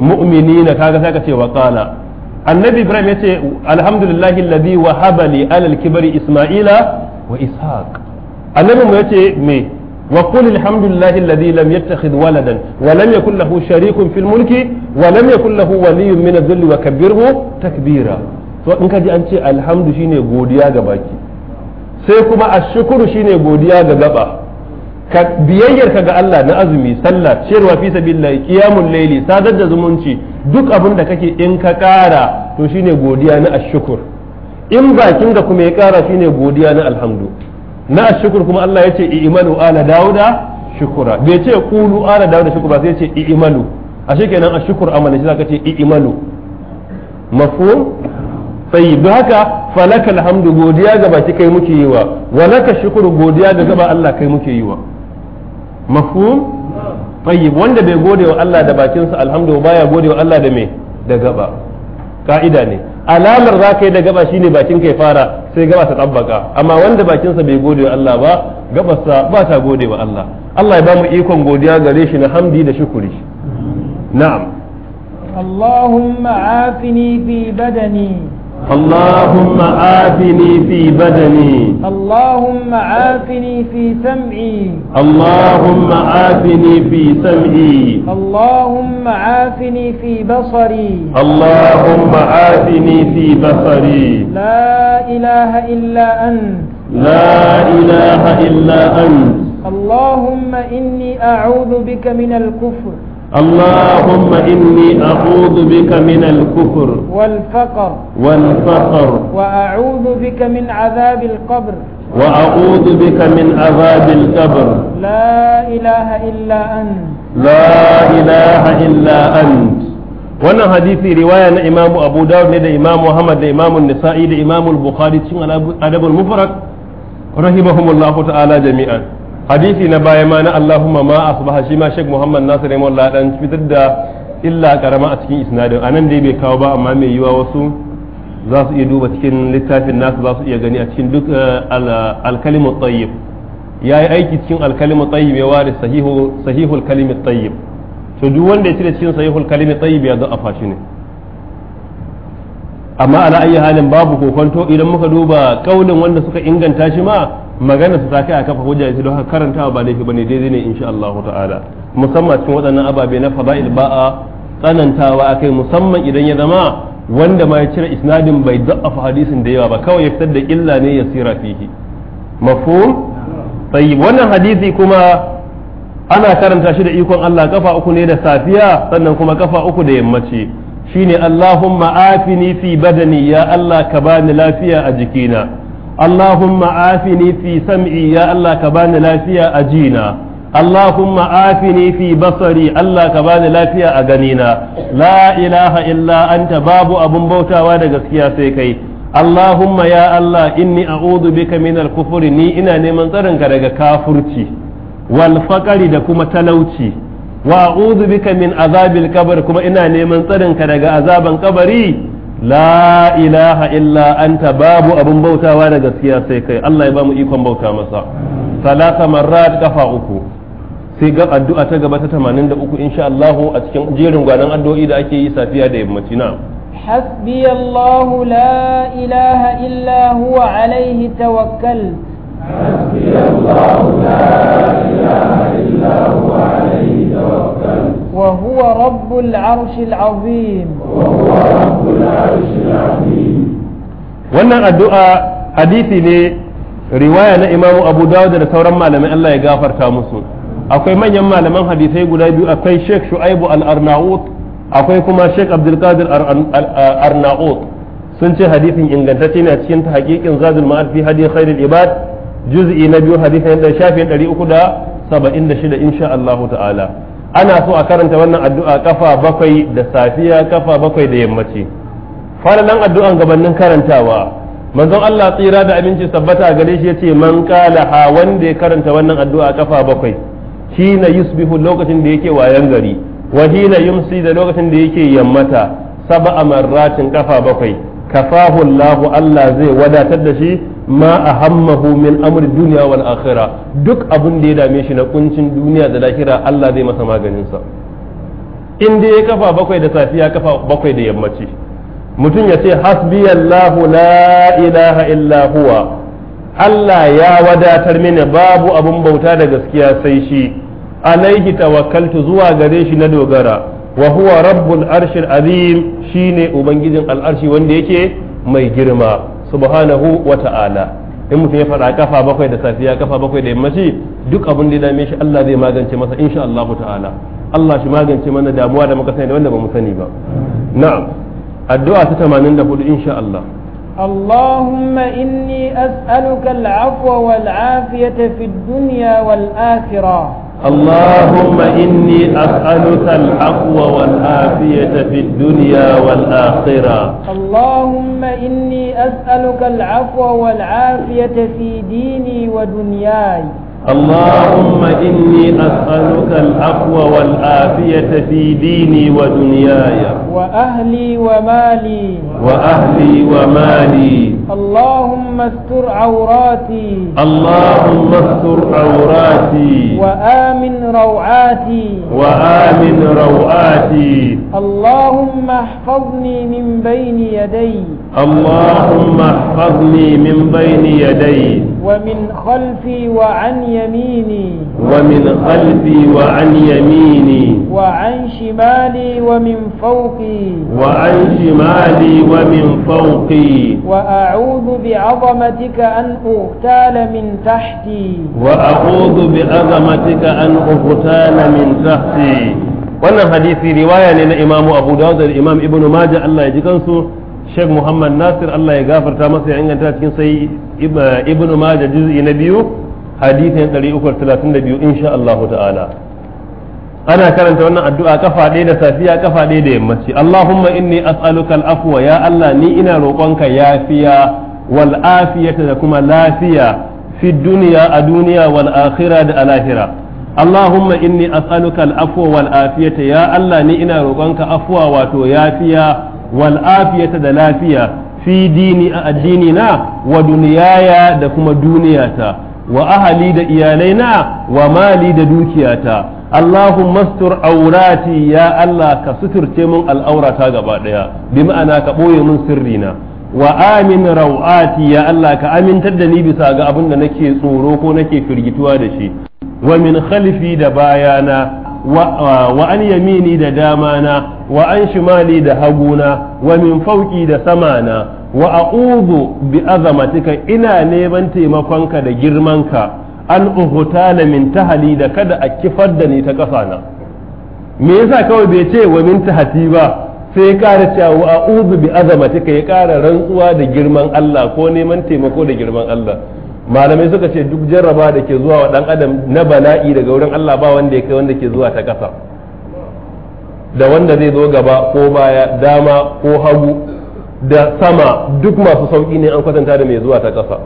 almu'minina kaga saka ce wa qala annabi ibrahim ya ce alhamdulillahi alladhi wahaba li alal kibari isma'ila wa ishaq annabi mu yace me wa qul alhamdulillahi alladhi lam yattakhidh waladan wa lam yakul lahu sharikun fil mulki wa lam yakul waliyyun min wa kabbirhu takbira to in ka ji an ce alhamdu shine godiya ga baki sai kuma ashkuru shine godiya ga gaba ka biyayyar ka ga Allah na azumi sallah shirwa fi sabilillah qiyamul layli sadar da zumunci duk abin da kake in ka kara to shine godiya na ashkur in bakin da kuma ya kara shine godiya na alhamdu na ashkur kuma Allah yace i'malu ala dauda shukura bai ce qulu ala dauda shukura sai yace i'malu ashe kenan ashkur amana shi zaka ce i'malu mafhum tayyib haka falaka alhamdu godiya ga baki kai muke yi wa walaka shukuru godiya ga gaba Allah kai muke yi wa mafhum tayyib wanda bai gode wa Allah da bakinsa alhamdu baya gode wa Allah da me da gaba ka'ida ne alamar za ka yi da gaba shine bakin kai fara sai gaba ta tabbaka amma wanda bakinsa bai gode wa Allah ba gabarsa ba ta gode wa Allah Allah ya bamu ikon godiya gare shi na hamdi da shukuri na'am اللهم عافني في بدني اللهم عافني في بدني اللهم عافني في سمعي اللهم عافني في سمعي اللهم عافني في بصري اللهم عافني في بصري لا إله إلا أنت لا إله إلا أنت اللهم إني أعوذ بك من الكفر اللهم إني أعوذ بك من الكفر والفقر والفقر وأعوذ بك من عذاب القبر وأعوذ بك من عذاب القبر لا إله إلا أنت لا إله إلا أنت wannan hadisi riwaya na imamu abu dawud ne da imamu muhammad da imamu nisa'i da imamu bukhari cikin adabul mufrad rahimahumullahu ta'ala jami'an hadisi na baya ma na Allahumma ma asbaha shi ma Sheikh Muhammad Nasir Raymond Allah dan fitar da illa karama a cikin isnadin anan dai bai kawo ba amma mai yiwa wasu za su iya duba cikin littafin nasu za su iya gani a cikin duk eh, al-kalimu tayyib yayi aiki cikin al-kalimu tayyib ya wari sahihu sahihul kalimu tayyib to duk wanda ya cire cikin sahihul kalimu tayyib ya zo a fashi ne amma ala ayi halin babu kokonto idan muka duba kaulin wanda suka inganta shi ma magana su take a kafa hujja ita don haka karantawa ba laifi bane daidai ne insha Allah ta'ala musamman cikin waɗannan ababe na fada'il ba'a tsanantawa akai musamman idan ya zama wanda ma ya cire isnadin bai da'afa hadisin da yawa ba kawai ya fitar da illa ne ya sira fihi mafhum tayyib wannan hadisi kuma ana karanta shi da ikon Allah kafa uku ne da safiya sannan kuma kafa uku da yammaci shine Allahumma afini fi badani ya Allah ka bani lafiya a jikina Allahumma afini fi sam'i ya Allah ka bani lafiya a jina Allahumma afini fi basari Allah ka bani lafiya a ganina la ilaha illa anta babu abun bautawa da gaskiya sai kai Allahumma ya Allah inni a'udhu bika min kufuri ni ina neman tsarinka daga kafurci wal faqari da kuma talauci wa a'udhu bika min azabil qabr kuma ina neman tsarinka daga azaban kabari la ilaha illa anta babu abun bautawa da gaskiya sai kai Allah ya bamu ikon bauta masa salasa marrat kafa uku sai ga addu'a ta gaba ta 83 insha Allah a cikin jerin gwanan addu'o'i da ake yi safiya da yammaci na hasbi Allah la ilaha illa huwa alaihi tawakkal hasbi Allah la ilaha illa huwa وهو رب العرش العظيم وهو رب العرش العظيم wannan addu'a hadisi ne riwaya na imamu abu dawud da sauran malamai Allah ya gafarta musu akwai manyan malaman hadisai guda biyu akwai sheikh shu'aibu al-arnaut akwai kuma sheikh abdulkadir al-arnaut sun ce hadisin ingantacce ne a cikin ta hakikin zadul ma'ad hadin hadith khairul ibad juz'i na biyu hadisin da da 376 insha Allah ta'ala ana so a karanta wannan addu'a kafa bakwai da safiya kafa bakwai da yammaci falalan addu'an gabanin karantawa manzon Allah tsira da aminci sabbata gare shi yace man ha wanda ya karanta wannan addu'a kafa bakwai na yusbihu lokacin da yake wayan gari wa hina yumsi da lokacin da yake yammata sab'a marratin kafa bakwai kafahu Allah Allah zai wadatar da shi ma a hammahu min amur duniya wal akhirah duk abin da ya dame shi na kuncin duniya da lahira Allah zai masa maganin sa in dai kafa bakwai da safiya kafa bakwai da yammaci mutum ya ce hasbi Allah la ilaha illa huwa Allah ya wadatar mini babu abun bauta da gaskiya sai shi alaihi tawakkaltu zuwa gare shi na dogara wa huwa rabbul arshil azim shine ubangijin al'arshi wanda yake mai girma subhanahu wa ta'ala in mutum ya fada kafa bakwai da safiya kafa bakwai da yammaci duk abin da ya dame shi Allah zai magance masa insha Allah ta'ala Allah shi magance mana damuwa da muka sani da wanda ba mu sani ba na'am addu'a ta 84 insha Allah اللهم إني أسألك العفو والعافية في الدنيا والآخرة اللهم إني أسألك العفو والعافية في الدنيا والآخرة اللهم إني أسألك العفو والعافية في ديني ودنياي اللهم إني أسألك العفو والعافية في ديني ودنياي وأهلي ومالي وأهلي ومالي اللهم استر عوراتي اللهم استر عوراتي وآمن روعاتي وآمن روعاتي اللهم احفظني من بين يدي اللهم احفظني من بين يدي ومن خلفي وعن يميني ومن خلفي وعن يميني وعن شمالي ومن فوقي وعن شمالي ومن فوقي وأعوذ بعظمتك أن أغتال من تحتي وأعوذ بعظمتك أن أغتال من تحتي wannan hadisi riwaya ne na imamu abu dawud da imam ibnu maja Allah ya ji kansu Sheikh Muhammad Nasir Allah ya gafarta masa ya inganta cikin sai ibnu da juz'i na biyu hadisin 332 insha Allah ta'ala ana karanta wannan addu'a kafa ɗaya da safiya kafa ɗaya da yammaci Allahumma inni as'aluka al-afwa ya Allah ni ina roƙonka yafiya wal afiyata da kuma lafiya fi duniya a duniya wal akhira da alahira Allahumma inni as'aluka al-afwa wal afiyata ya Allah ni ina roƙonka afwa wato yafiya wal afiyata da lafiya fi dini a addini na wa duniyaya da kuma duniyata wa ahali da iyalai na wa mali da dukiyata Allahumma astur aurati ya Allah ka suturce mun al'aurata gaba ɗaya, bi ma'ana ka ɓoye mun sirri na, wa amin rawati ya Allah ka amintar da ni bisa ga abin da nake tsoro ko nake firgituwa da shi wa min khalifi da bayana Uh, wa an yamini da dama wa an shimali da haguna wa min fauki da sama wa a'udhu bi azamatika ina neman taimakonka da girmanka an uhutana min tahali da kada a kifar da ni ta na me yasa kawai bai ce wa min tahati ba sai ya kara cewa wa a'udhu bi azamatika ya kara rantsuwa da girman Allah ko neman taimako da girman Allah malamai suka ce duk jarraba da ke zuwa wa dan adam na bala'i daga wurin Allah ba wanda ya kai wanda ke zuwa ta ƙasa da wanda zai zo gaba ko baya dama ko hagu da sama duk masu sauƙi ne an kwatanta da mai zuwa ta ƙasa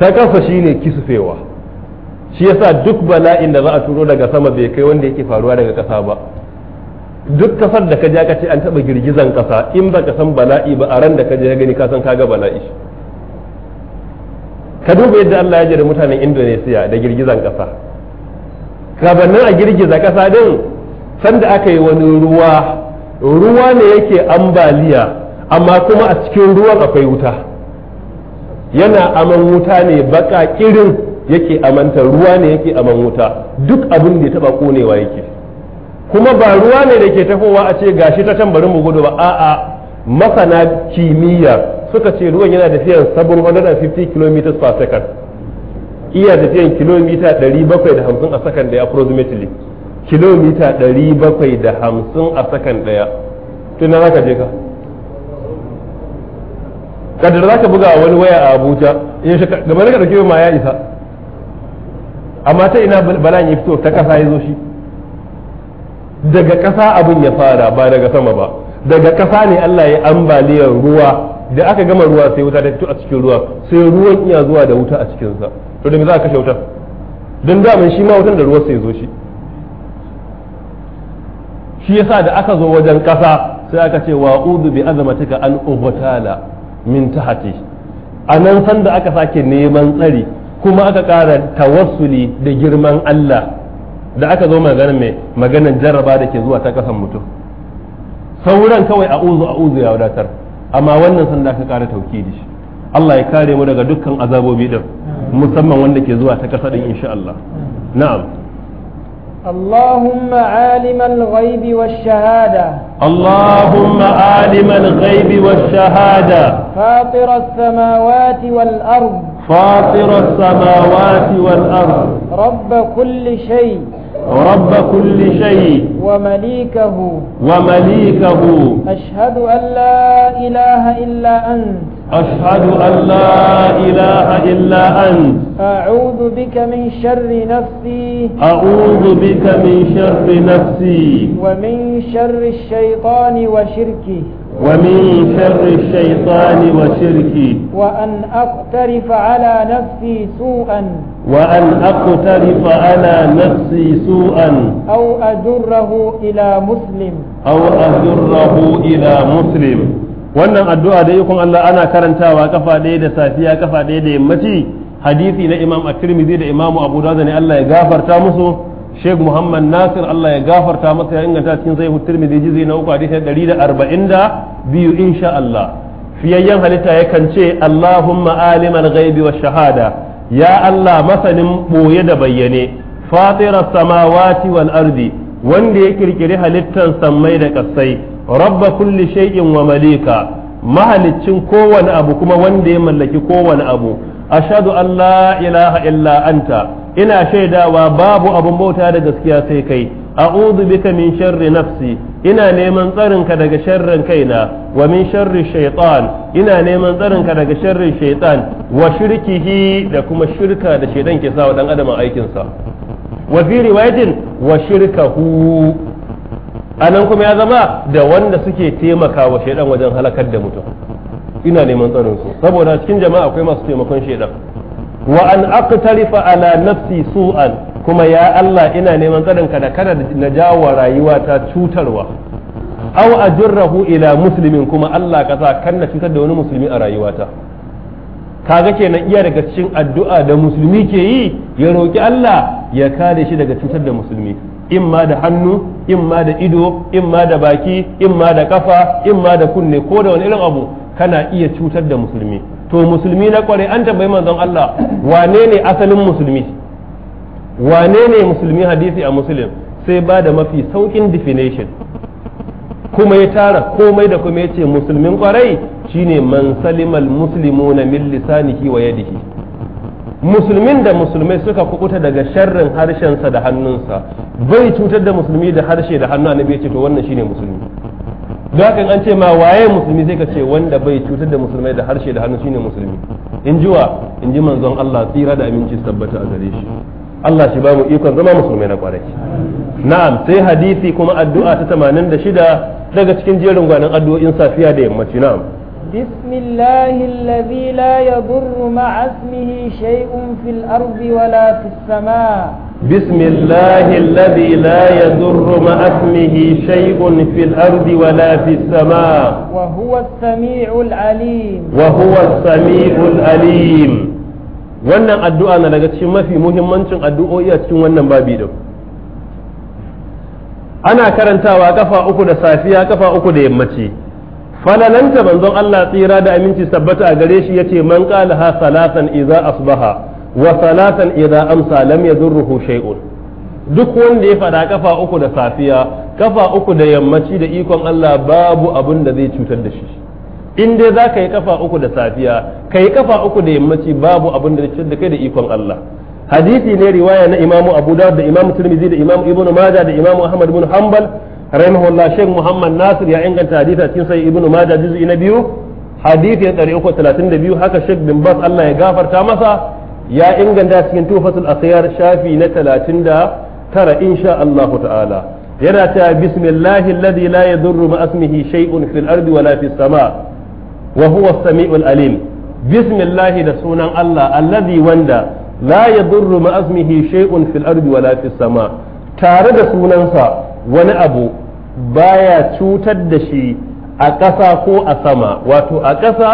ta ƙasa shine kisufewa shi yasa duk bala'in da za a turo daga sama bai kai wanda yake faruwa daga ƙasa ba duk kasar da ka ja ka ce an taɓa girgizan ƙasa in baka san bala'i ba a ran da ka je gani ka san ka ga bala'i ka duba yadda Allah ya jira mutanen indonesiya da girgizan ƙasa, kabannin a girgiza ƙasa din sanda aka yi wani ruwa ruwa ne yake ambaliya amma kuma a cikin ruwan akwai wuta yana aman wuta ne baka kirin yake amanta ruwa ne yake aman wuta duk abin da ya taba konewa yake kuma ba ruwa ne da ke tafowa a ce gashi ta can mu gudu ba a'a masana kimiyya suka ce ruwan yana tafiyan 750 km per second iya tafiyan kilomita 750 a sakan daya approximately kilomita 750 a sakan daya tun na zaka je ka kadar za ka buga wani waya a abuja in shi gaba da ka ma ya isa amma ta ina balan ya fito ta kasa ya zo shi daga kasa abin ya fara ba daga sama ba daga kasa ne allah ya ambaliyar ruwa da aka gama ruwa sai wuta ta fito a cikin ruwa sai ruwan iya zuwa da wuta a cikinsa to da me za a kashe wutar don daman shi ma wutan da ruwan sai zo shi shi yasa da aka zo wajen kasa sai aka ce wa udu bi azamatika an ubtala min tahti anan san da aka sake neman tsari kuma aka ƙara tawassuli da girman Allah da aka zo maganar mai maganar jarraba da ke zuwa ta kasan mutum sauran kawai a uzu a uzu ya wadatar amma wannan sanda ka kara tauhidi shi Allah ya kare mu daga dukkan azabobi din musamman wanda ke zuwa ta kasa din insha Allah na'am اللهم عالم الغيب والشهادة اللهم عالم الغيب والشهادة فاطر السماوات والأرض فاطر السماوات والأرض رب كل شيء رب كل شيء ومليكه ومليكه أشهد أن لا إله إلا أنت أشهد أن لا إله إلا أنت أعوذ بك من شر نفسي أعوذ بك من شر نفسي ومن شر الشيطان وشركه ومن شر الشيطان وشركه وأن أقترف على نفسي سوءا وأن أقترف على نفسي سوءا أو أجره إلى مسلم أو أجره إلى مسلم wannan addu'a da ikon Allah ana karantawa kafa ɗaya da safiya kafa ɗaya da yammaci hadisi na Imam at da Imam Abu Dawud ne Allah ya gafarta musu Sheikh Muhammad Nasir Allah ya gafarta masa ya inganta cikin sai sahihu Tirmidhi jizi na uku da biyu insha Allah fiyayyen halitta kan ce Allahumma aliman ghaibi wa shahada ya Allah masanin ɓoye da bayyane fatira samawati wal ardi wanda ya kirkiri halittar sammai da kasai rabba kulli shaikin wa malika mahaliccin kowane abu kuma wanda ya mallaki kowane abu ashhadu an la ilaha illa anta ina shaidawa babu abun bauta da gaskiya sai kai a'udhu bika min sharri nafsi ina neman tsarin ka daga sharrin kaina wa min sharri shaytan ina neman tsarin ka daga sharrin shaytan wa shirkihi da kuma shirka da shaitan ke sawa dan adam aikinsa wa fi riwayatin wa shirkahu anan kuma ya zama da wanda suke taimaka wa shaitan wajen halakar da mutum ina neman tsarin su saboda cikin jama'a akwai masu taimakon shaitan wa an aqtarifa ala nafsi su'an kuma ya Allah ina neman ka da kada na jawo rayuwa ta cutarwa aw ajrahu ila muslimin kuma Allah ka sa kan na cutar da wani musulmi a rayuwata kaga kenan iya daga cikin addu'a da musulmi ke yi ya roki Allah ya kare shi daga cutar da musulmi imma da hannu imma da ido imma da baki imma da kafa imma da kunne ko da wani irin abu kana iya cutar da musulmi to musulmi na kware an tambayi manzon Allah wane ne asalin musulmi wane ne musulmi hadisi a muslim sai ba da mafi saukin definition kuma ya tara komai da kuma ya ce musulmin kwarai shine man salimal muslimuna min lisanihi wa yadihi musulmin da musulmai suka kukuta daga sharrin harshensa da hannunsa bai cutar da musulmi da harshe da hannu annabi ya ce to wannan shine musulmi da haka an ce ma waye musulmi sai ka ce wanda bai cutar da musulmai da harshe da hannu shine musulmi in ji wa in ji manzon Allah tsira da aminci tabbata a gare shi Allah shi ba mu ikon zama musulmai na kwarai na'am sai hadisi kuma addu'a ta 86 daga cikin jerin gwanin addu'o'in safiya da yammaci na'am بسم الله الذي لا يضر مع اسمه شيء في الأرض ولا بسم الله الذي لا يضر مع اسمه شيء في الأرض ولا في السماء وهو السميع العليم وهو السميع العليم wannan addu'a na daga cikin mafi muhimmancin addu'o'i a cikin wannan babi din ana karantawa kafa uku da safiya kafa uku da yammaci falalanta manzon Allah tsira da aminci sabbata a gare shi ya ce, man ƙalaha ha salatan idza asbaha wa idan idza amsa lam yadurruhu shay'un duk wanda ya faɗa kafa uku da safiya kafa uku da yammaci da ikon Allah babu abin da zai cutar da shi in dai za ka yi kafa uku da safiya ka yi kafa uku da yammaci babu abin da zai cutar da kai da ikon Allah hadisi ne riwaya na imamu abu dawud da imamu tirmidhi da imamu ibnu majah da imamu ahmad ibn hanbal rahimahullah sheikh muhammad nasir ya inganta hadisi cikin sai ibnu majah juz'i na biyu hadisi ya 332 haka sheikh bin bas Allah ya gafarta masa ya inganta cikin tufatul akhyar shafi na tara insha Allah ta'ala yana ta bismillahi alladhi la yadurru ma asmihi shay'un fil ardi wala fis sama wa huwa as-sami'ul alim bismillahi da sunan Allah alladhi wanda la yadurru ma asmihi shay'un fil ardi wala fis sama tare da sunansa wani abu baya cutar da shi a ƙasa ko a sama wato a ƙasa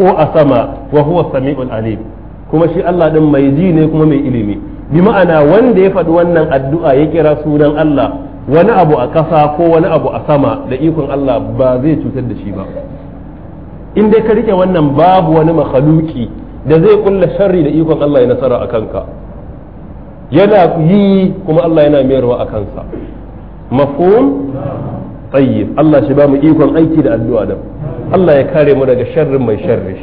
ko a sama wa huwa sami'ul alim kuma shi Allah din mai ji ne kuma mai ilimi bi ma'ana wanda ya faɗi wannan addu'a ya kira sunan Allah wani abu a ƙasa ko wani abu a sama da ikon Allah ba zai cutar da shi ba in dai ka rike wannan babu wani makhaluki da zai kulla sharri da ikon Allah ya nasara a kanka yana yi kuma Allah yana mayarwa a kansa mafhum tayyib Allah shi ba mu ikon aiki da addu'a da Allah ya kare mu daga sharrin mai sharri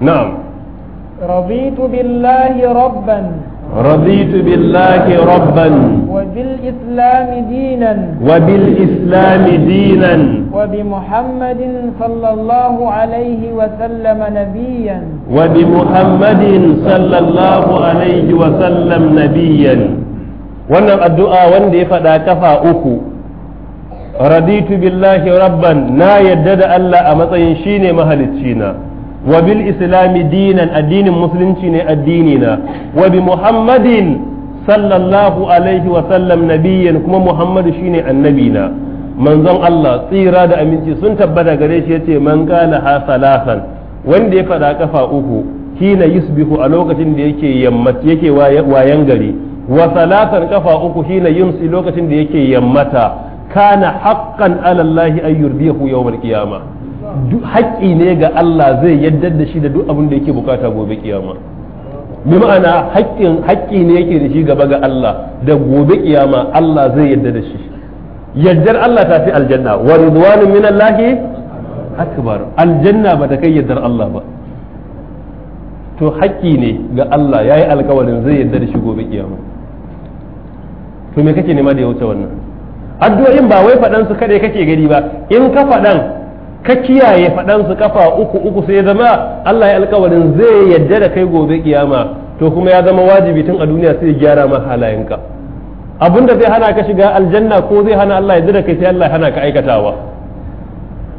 na'am رضيت بالله ربا رضيت بالله ربا وبالإسلام دينا وبالإسلام دينا وبمحمد صلى الله عليه وسلم نبيا وبمحمد صلى الله عليه وسلم نبيا وانا الدعاء wanda ya كفا kafa رضيت بالله ربا نا يدد yadda da Allah a matsayin wabil islami dinan addinin musulunci ne addini na wa muhammadin sallallahu alaihi wa sallam nabiyyan kuma muhammadu shine annabi na manzon Allah tsira da aminci sun tabbata gare shi yace man qala ha salasan wanda ya fada kafa uku hina yusbihu a lokacin da yake wayan gari wa salatan kafa uku hina yumsi lokacin da yake yammata kana haqqan ala Allah ay yurdihu yawm al-qiyamah haƙƙi ne ga Allah zai yadda da shi da duk abin da yake bukata gobe kiyama bi ma'ana haƙƙin haƙƙi ne yake da shi gaba ga Allah da gobe kiyama Allah zai yadda da shi yaddar Allah ta fi aljanna wa ridwanu min Allah akbar aljanna ba ta kai yaddar Allah ba to haƙƙi ne ga Allah yayi alƙawarin zai yadda da shi gobe kiyama to me kake nema da ya wuce wannan addu'o'in ba wai faɗan su kade kake gari ba in ka faɗan ka kiyaye faɗansu kafa uku uku sai zama Allah ya alkawarin zai yadda da kai gobe kiyama to kuma ya zama wajibi tun a duniya sai ya gyara ma halayenka abin da zai hana ka shiga aljanna ko zai hana Allah ya da kai sai Allah ya hana ka aikatawa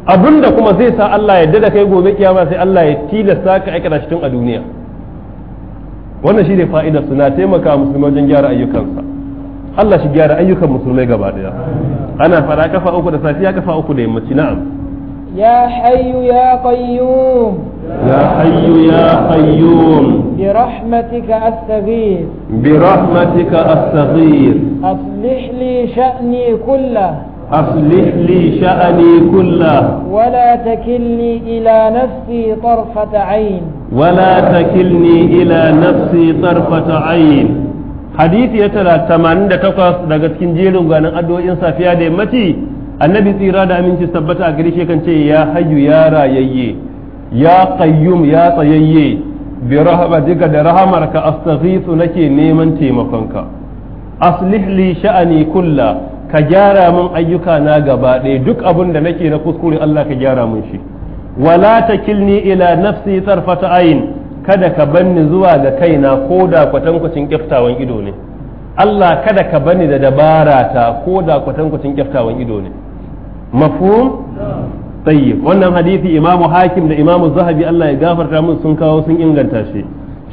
abinda da kuma zai sa Allah ya da kai gobe kiyama sai Allah ya tilasta ka aikata shi tun a duniya wannan shine fa'idar su na taimaka musulmai wajen gyara ayyukansa Allah shi gyara ayyukan musulmai gaba daya ana fara kafa uku da safiya kafa uku da yammaci na'am يا حي يا قيوم يا حي يا قيوم برحمتك أستغيث برحمتك أستغيث أصلح لي شأني كله أصلح لي شأني كله ولا تكلني إلى نفسي طرفة عين ولا تكلني إلى نفسي طرفة عين حديث يتلى 88 daga cikin jerin gwanin addu'o'in safiya في yammaci annabi tsira da aminci tabbata a gare kan ce ya hayyu ya rayayye ya qayyum ya tsayayye bi diga da ka astaghithu nake neman taimakonka aslih li sha'ani kulla ka gyara min ayyuka na gaba ɗaya duk abin da nake na kuskure Allah ka gyara min shi wala takilni ila nafsi tarfata ayn kada ka banni zuwa ga kaina ko da kwatankwacin kyaftawan ido ne Allah kada ka bani da dabara ta ko da kwatankwacin kyaftawan ido ne mafhum tayyib wannan hadisi imamu hakim da imamu zahabi Allah ya gafarta mun sun kawo sun inganta shi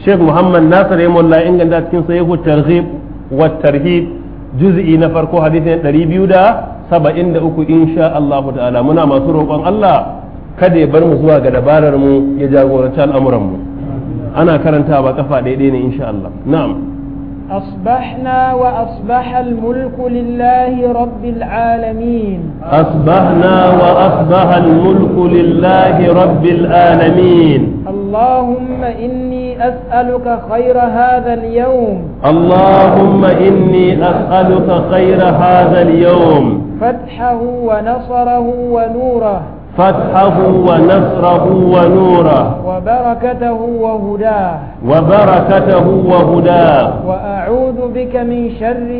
Sheikh Muhammad Nasir ya mulla inganta cikin sahihu targhib wa tarhib juz'i na farko hadisi 273 insha Allah ta'ala muna masu roƙon Allah kada ya bar mu zuwa ga dabarar mu ya jagoranci al'amuran mu ana karanta ba kafa daidai ne insha Allah na'am أصبحنا وأصبح الملك لله رب العالمين أصبحنا وأصبح الملك لله رب العالمين اللهم إني أسألك خير هذا اليوم اللهم إني أسألك خير هذا اليوم فتحه ونصره ونوره فتحه ونصره ونوره وبركته وهداه وبركته وهداه وأعوذ بك من شر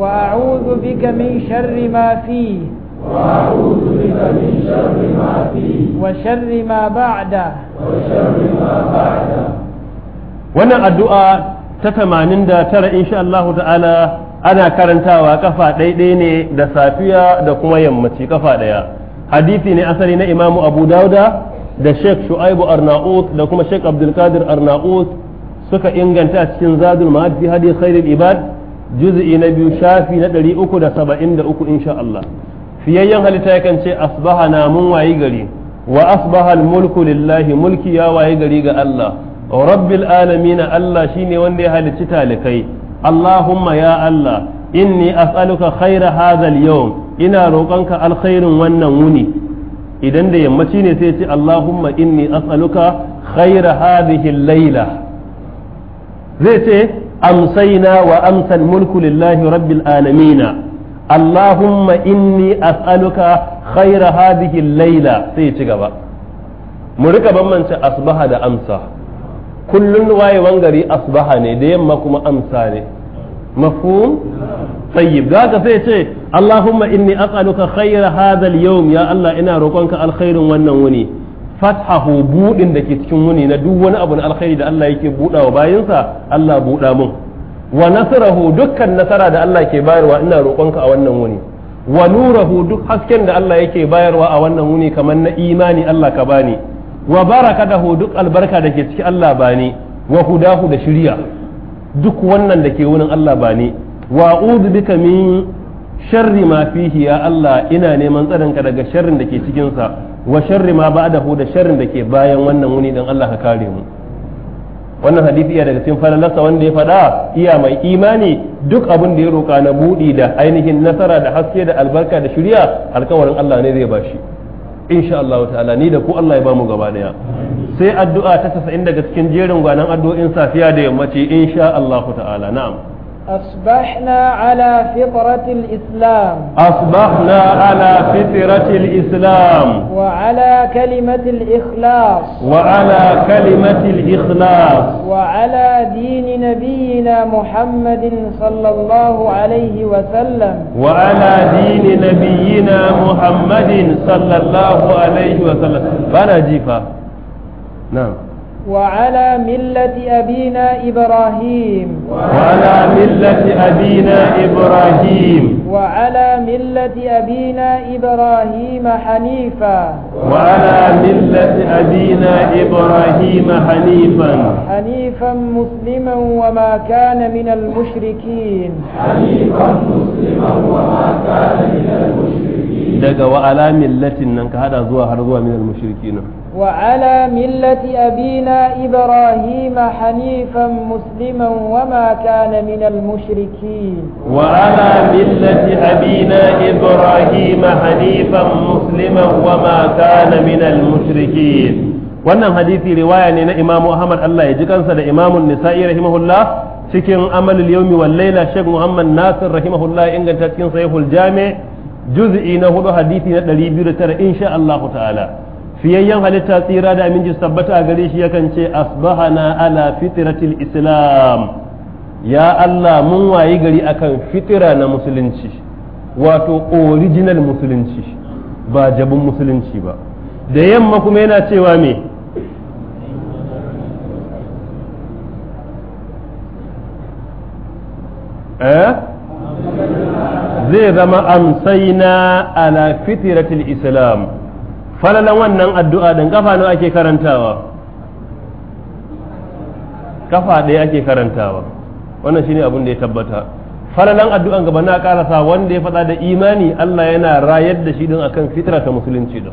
وأعوذ بك من شر ما فيه وأعوذ بك من شر ما فيه وشر ما بعده وشر ما بعده وانا الدعاء تتمانين دا ترى إن شاء الله تعالى ana karantawa kafa ɗaiɗai ne da safiya da kuma yammaci kafa ɗaya hadisi ne asali na imamu abu dauda da sheikh shu'aibu arnaut da kuma sheikh abdulkadir arnaut suka inganta a cikin zadul ma'ad fi hadith khairul ibad juz'i na biyu shafi na 373 insha Allah fiyayyen halitta yakan ce asbaha na mun wayi gari wa asbaha mulku lillahi mulki ya wayi gari ga Allah rabbil alamin Allah shine wanda ya halicci talikai Allahumma ya Allah inni as'aluka khaira hadhal yawm ina roƙonka alkhairin wannan wuni idan da yammaci ne sai ce Allahumma inni as'aluka khaira hadhihi layla zai ce amsaina wa amsal mulku lillahi rabbil alamin Allahumma inni as'aluka khaira hadhihi layla sai ci gaba mu rika bambance asbaha da amsa kullun wayewan gari asbaha ne da yamma kuma amsa ne mafhum tayyib da ka sai ce Allahumma inni as'aluka khayra hadha al-yawm ya Allah ina roƙonka alkhairin wannan wuni fathahu budin da ke cikin wuni na duk wani abu na alkhairi da Allah yake buɗa wa bayinsa Allah buɗa mun wa nasrahu dukkan nasara da Allah ke bayarwa ina roƙonka a wannan wuni wa nurahu duk hasken da Allah yake bayarwa a wannan wuni kamar na imani Allah ka bani wa barakadahu duk albarka da ke ciki Allah bani wa hudahu da shirya. duk wannan da ke wurin Allah ba ni wa bika min sharri ma fihi ya Allah ina neman tsarinka daga sharrin da ke cikin sa wa sharri ma ba'dahu da sharrin da ke bayan wannan wuni dan Allah ka kare mu wannan hadisi ya daga cikin falalasa wanda ya faɗa iya mai imani duk abin da ya roƙa na buɗi da ainihin nasara da haske da albarka da shirya alkawarin Allah ne zai bashi insha Allah ta'ala ni da ku Allah ya ba mu gaba daya sai addu'a ta 90 daga cikin jerin gwanan addu'o'in safiya da yammaci insha Allah ta'ala na'am أصبحنا على فطرة الإسلام أصبحنا على فطرة الإسلام وعلى كلمة الإخلاص وعلى كلمة الإخلاص وعلى دين نبينا محمد صلى الله عليه وسلم وعلى دين نبينا محمد صلى الله عليه وسلم فأنا جيفا نعم وعلى ملة أبينا إبراهيم وعلى ملة أبينا إبراهيم وعلى ملة أبينا إبراهيم حنيفا وعلى ملة أبينا إبراهيم حنيفا حنيفا مسلما وما كان من المشركين حنيفا مسلما وما كان من المشركين daga wa'ala millatin nan ka hada zuwa har zuwa minal Wa'ala mushrikin abina ملة Hanifan إبراهيم wa مسلما وما minal من Wa'ala وعلى abina أبينا Hanifan حنيفا wa وما كان minal المشركين wannan hadisi riwaya ne na imamu ahmad Allah ya ji kansa da imamun nisa'i rahimahullah cikin amalul yawmi wal laila sheikh muhammad nasir rahimahullah inganta cikin sahihul jami' juz'i na hudu hadisi na 209 insha Allah ta'ala fiyayyan halitta tsira da aminci tabbata a gare shi yakan ce asbahana ala fitratil islam ya Allah mun wayi gari akan fitira na musulunci wato original musulunci ba jabun musulunci ba da yamma kuma yana cewa me eh zai zama na ala fitiratul islam falalan wannan addu'a din kafa nawa ake karantawa kafa ɗaya ake karantawa wannan shine abin da ya tabbata falalan addu'an gaba na karasa wanda ya faɗa da imani Allah yana rayar da shi din akan fitra musulunci din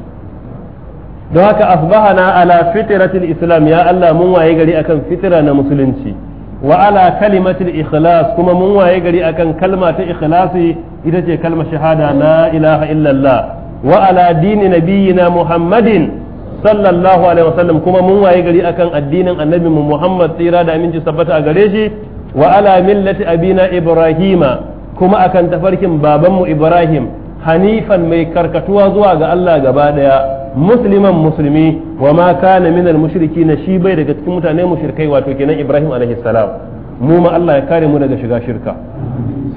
don haka asbahana ala fitratil islam ya Allah mun waye gari akan fitra na musulunci wa ala kalimatil ikhlas kuma mun waye gari akan kalma ta ikhlasi ita ce kalma shahada la ilaha illallah wa ala dini nabiyina muhammadin sallallahu alaihi wasallam kuma mun waye gari akan addinin annabi mu muhammad tsira da aminci sabbata a gare shi wa ala millati abina ibrahima kuma akan tafarkin babanmu ibrahim hanifan mai karkatuwa zuwa ga Allah gaba daya musliman musulmi wa ma kana minal mushrikin na shi bai daga cikin mutane mushrikai wato kenan Ibrahim alaihi salam mu ma Allah ya kare mu daga shiga shirka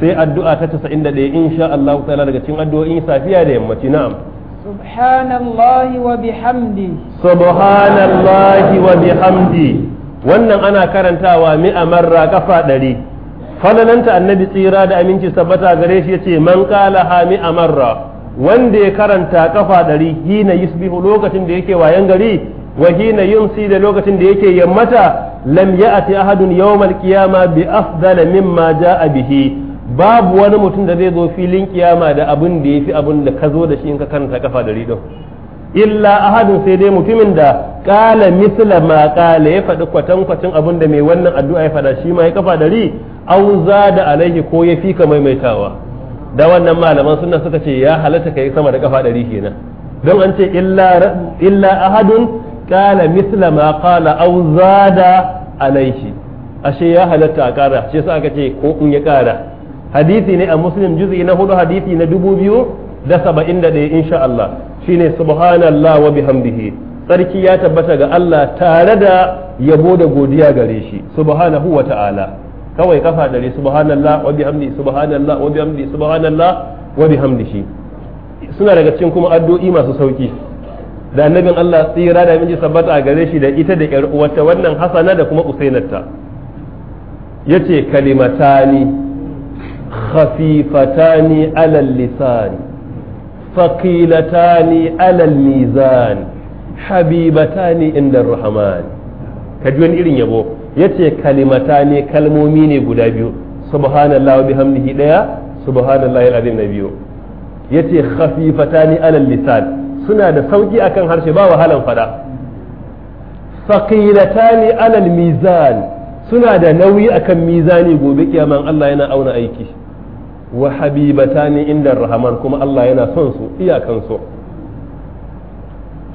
sai addu'a ta 91 insha Allah ta'ala daga cikin addu'o'in safiya da yammaci na'am subhanallahi wa bihamdi subhanallahi wa bihamdi wannan ana karantawa mi amarra kafa ɗari falalanta annabi tsira da aminci sabbata gare shi yace man qala ha mi amarra wanda ya karanta kafa ɗari hina yusbihu lokacin da yake wayan gari wa hina yumsi da lokacin da yake yammata lam ya'ti ahadun yawmal qiyama bi afdala mimma ja'a bihi babu wani mutum da zai zo filin kiyama da abin da yafi abin da ka zo da shi in ka karanta kafa da rido illa ahadun sai dai mutumin da kala misla ma kala ya faɗi kwatan kwatan abin da mai wannan addu'a ya faɗa shi ma ya kafa dari au zada alaihi ko yafi ka maimaitawa da wannan malaman sunna suka ce ya halatta kai sama da kafa dari kenan don an ce illa ahadun kala mithla ma qala aw zada alaihi ashe ya halatta a kara shi yasa aka ce ko in ya kara hadisi ne a muslim juz'i na hudu hadisi na dubu biyu da saba'in da ɗaya insha Allah shine subhanallah wa bihamdihi tsarki ya tabbata ga Allah tare da yabo da godiya gare shi subhanahu wa ta'ala kawai kafa ɗari subhanallah wa bihamdi subhanallah wa bihamdi subhanallah wa bihamdihi suna daga cikin kuma addu'i masu sauki da annabin Allah tsira da miji sabbata a gare shi da ita da ƴar uwarta wannan hasana da kuma usainarta yace kalimatani khafifatani alal lisan faqilatani alal mizan habibatani inda rahman kaji wani irin yabo yace kalimatani kalmomi ne guda biyu subhanallahi wa bihamdihi daya subhanallahi alazim na biyu yace khafifatani alal lisan suna da sauki akan harshe ba wahalan fada faqilatani alal mizan suna da nauyi akan mizani gobe kiyaman Allah yana auna aiki wa habibatani inda rahman kuma Allah yana son su iyakan su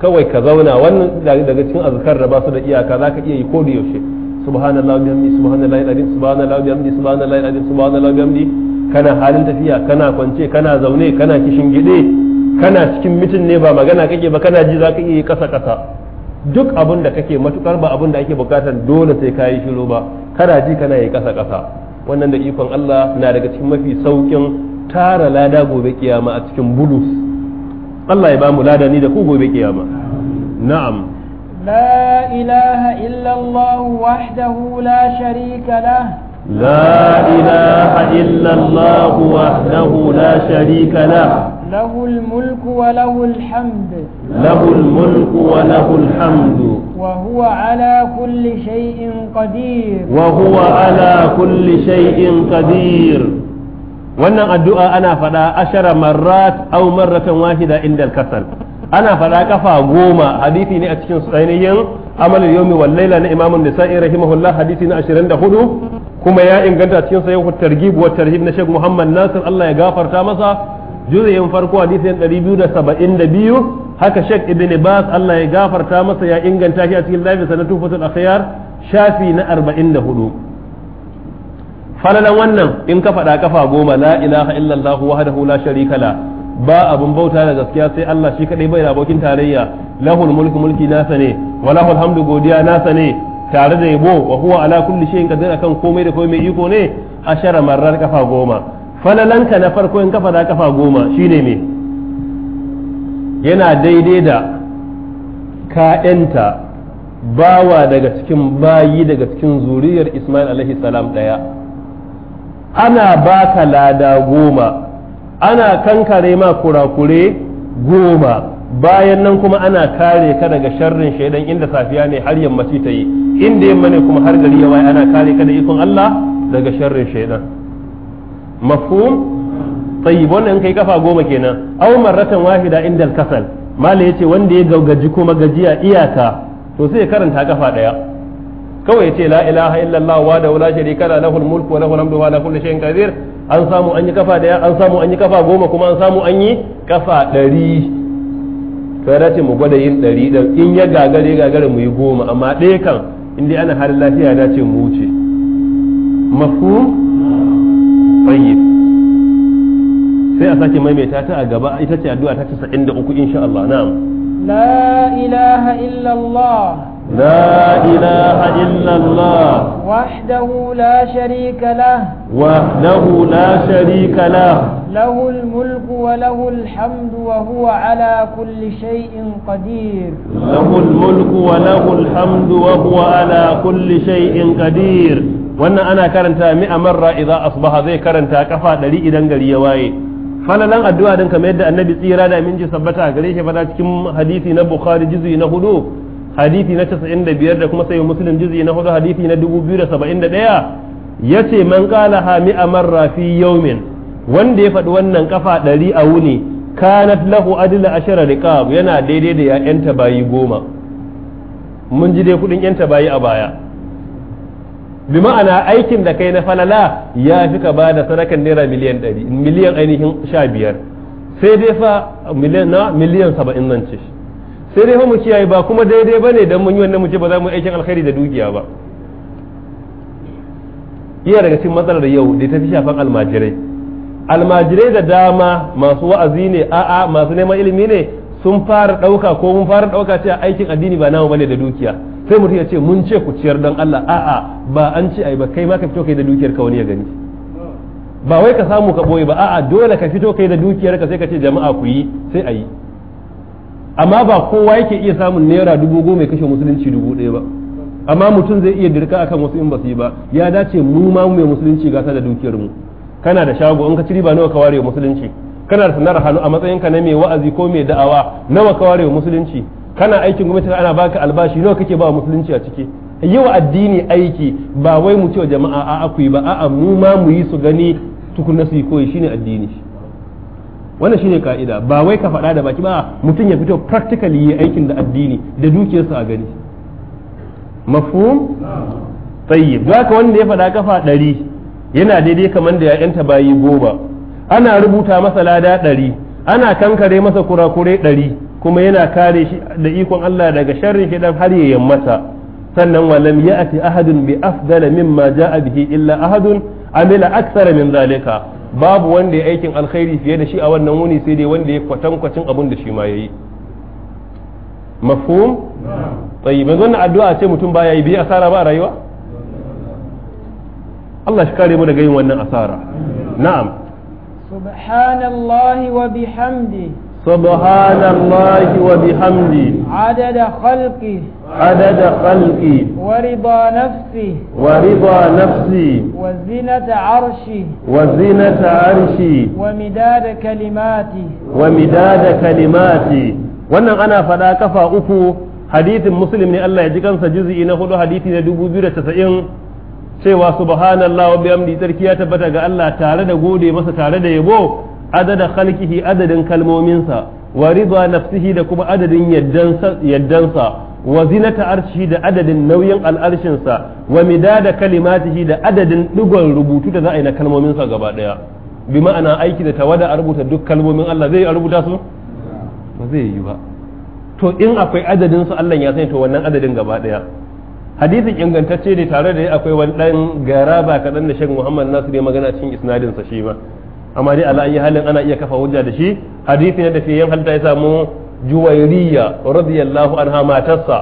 kawai ka zauna wannan daga cikin azkar da ba su da iyaka zaka iya yi ko da yaushe subhanallahi bihamdi subhanallahi alazim subhanallahi bihamdi subhanallahi alazim subhanallahi bihamdi kana halin tafiya kana kwance kana zaune kana kishin gide kana cikin mitin ne ba magana kake ba kana ji za ka iya kasa kasa duk abin da kake matukar ba abin da ake bukatar dole sai ka yi shiru ba kana ji kana yi kasa kasa wannan da ikon Allah na daga cikin mafi saukin tara lada gobe kiyama a cikin bulus Allah ya ba mu lada ni da ku gobe kiyama na'am لا إله إلا الله وحده لا شريك له لا إله إلا الله وحده لا شريك له له الملك وله الحمد له الملك وله الحمد وهو على كل شيء قدير وهو على كل شيء قدير wannan addu'a ana faɗa ashara marrat au marratan wahida inda kasal ana faɗa kafa goma hadisi ne a cikin ainihin amalul yawmi wal laila na imamun nisa'i rahimahullah hadisi na 24 kuma ya inganta cikin sahihu targhib wa tarhib na Sheikh Muhammad Nasir Allah ya gafarta masa juzayin farko hadisin 272 haka Sheikh Ibn bas Allah ya gafarta masa ya inganta shi a cikin sa na Tufatul Akhyar shafi na 44 falalan wannan in ka faɗa kafa goma la ilaha illallah wahdahu la sharika la ba abun bauta da gaskiya sai Allah shi kadai bai da abokin tarayya lahul mulku mulki nasa ne wa lahul hamdu godiya nasa ne tare da yabo wa huwa ala kulli shay'in qadir akan komai da komai iko ne ashara marar kafa goma falalanka na farko in kafa da kafa goma shine me yana daidai da ka'yanta bawa daga cikin bayi daga cikin zuriyar Ismail alaihi salam ɗaya ana baka lada goma ana kankare ma kurakure goma bayan nan kuma ana kare ka daga sharrin shaidan inda safiya ne har yammaci ta yi inda yamma ne kuma har gari ya waye ana kare ka da ikon Allah daga sharrin shaidan mafhum tayyib wannan kai kafa goma kenan aw marratan wahida inda al-kasal mala yace wanda ya gaugaji kuma gajiya iyaka to sai ya karanta kafa daya kawai yace la ilaha illallah wa da la sharika la lahul mulku wa lahul hamdu wa la kulli shay'in qadir an samu an yi kafa daya an samu an yi kafa goma kuma an samu an yi kafa ɗari to ya dace mu gwada yin ɗari ɗin in ya gagare gagare mu yi goma amma ɗaya kan in ana halin lafiya dace mu wuce mafhum sai a sake maimaita ta a gaba ita ce addu'a ta ce 73 insha Allah na'am la ilaha illa Allah la ilaha illa Allah wahdahu la sharika lah wahdahu la sharika lah له الملك وله الحمد وهو على كل شيء قدير له الملك وله الحمد وهو على كل شيء قدير wannan ana karanta mi'a marra idza asbaha zai karanta kafa ɗari idan gari ya waye falalan addu'a din kamar yadda annabi tsira da minji sabbata a gare shi fada cikin hadisi na bukhari juzu na hudu hadisi na 95 da kuma sai muslim juzu na hudu hadisi na 2071 yace man qala ha mi'a marra fi yawmin wanda ya faɗi wannan kafa ɗari a wuni kanat lahu adla ashara riqab yana daidai da ya bayi goma mun ji dai kudin yanta bayi a baya bi ma'ana aikin da kai na falala ya fi ka bada sadakan naira miliyan ɗari miliyan ainihin sha biyar sai dai fa miliyan na miliyan saba'in nan ce sai dai fa mu kiyaye ba kuma daidai ba ne don mun yi wannan mu ce ba za mu aikin alkhairi da dukiya ba iya daga cikin matsalar yau da ta fi shafan almajirai almajirai da dama masu wa'azi ne a'a masu neman ilimi ne sun fara ɗauka ko mun fara ɗauka cewa aikin addini ba namu bane da dukiya sai mutum ya ce mun ce ku ciyar don Allah a'a ba an ce ai ba kai ma ka fito kai da dukiyar ka wani ya gani ba wai ka samu ka boye ba a'a dole ka fito kai da dukiyar ka sai ka ce jama'a ku yi sai a yi amma ba kowa yake iya samun naira dubu goma ya kashe musulunci dubu ɗaya ba amma mutum zai iya dirka akan wasu in ba su yi ba ya dace mu ma mu mai musulunci gasa da dukiyar mu kana da shago in ka ci riba nawa ka ware musulunci kana da sanar hannu a matsayinka na mai wa'azi ko mai da'awa nawa ka ware musulunci kana aikin gwamnati ana baka albashi nawa kake ba musulunci a ciki yi wa addini aiki ba wai mu wa jama'a a aku ba a'a mu ma mu yi su gani tukunna su yi koyi shine addini wannan shine ka'ida ba wai ka faɗa da baki ba mutum ya fito practically yi aikin da addini da dukiyarsa a gani mafhum tayyib ka wanda ya faɗa kafa ɗari yana daidai kamar da ya yanta bayi goba. ana rubuta masa lada ɗari ana kankare masa kurakure ɗari kuma yana kare shi da ikon Allah daga sharrin shi har ya yammata sannan walam ya'ti ahadun bi afdala mimma ja'a bihi illa ahadun amila aksara min zalika babu wanda ya aikin alkhairi fiye da shi a wannan wuni sai dai wanda ya kwatankwacin abin da shi ma yayi mafhum tayi yanzu wannan addu'a ce mutum baya yi bi asara ba rayuwa Allah shi kare mu daga yin wannan asara na'am سبحان الله وبحمده سبحان الله وبحمده عدد خلقه عدد خلقي ورضا نفسي ورضا نفسي وزنة عرشي وزنة عرشي ومداد كلماتي ومداد كلماتي wannan ana faɗa kafa uku hadithin muslim ne Allah ya ji kansa juz'i na hudu hadithi na 2090 cewa subhanallah wa bihamdi tsarki ya tabbata ga Allah tare da gode masa tare da yabo adada khalqihi adadin kalmominsa wa ridwa nafsihi da kuma adadin yaddansa yaddansa wa zinata arshihi da adadin nauyin al'arshinsa wa midada kalimatihi da adadin digon rubutu da za a yi na kalmominsa gaba daya bi ma'ana aiki da tawada a rubuta duk kalmomin Allah zai a rubuta su ba zai yi ba to in akwai adadin su Allah ya sani to wannan adadin gaba daya hadisin ingantacce ne tare da akwai wani dan garaba kaɗan da shek muhammad nasir ya magana cikin isnadin sa shi ma amma dai ala ayi halin ana iya kafa hujja da shi hadisi ne da fi yan halta ya samu juwairiya radiyallahu anha matarsa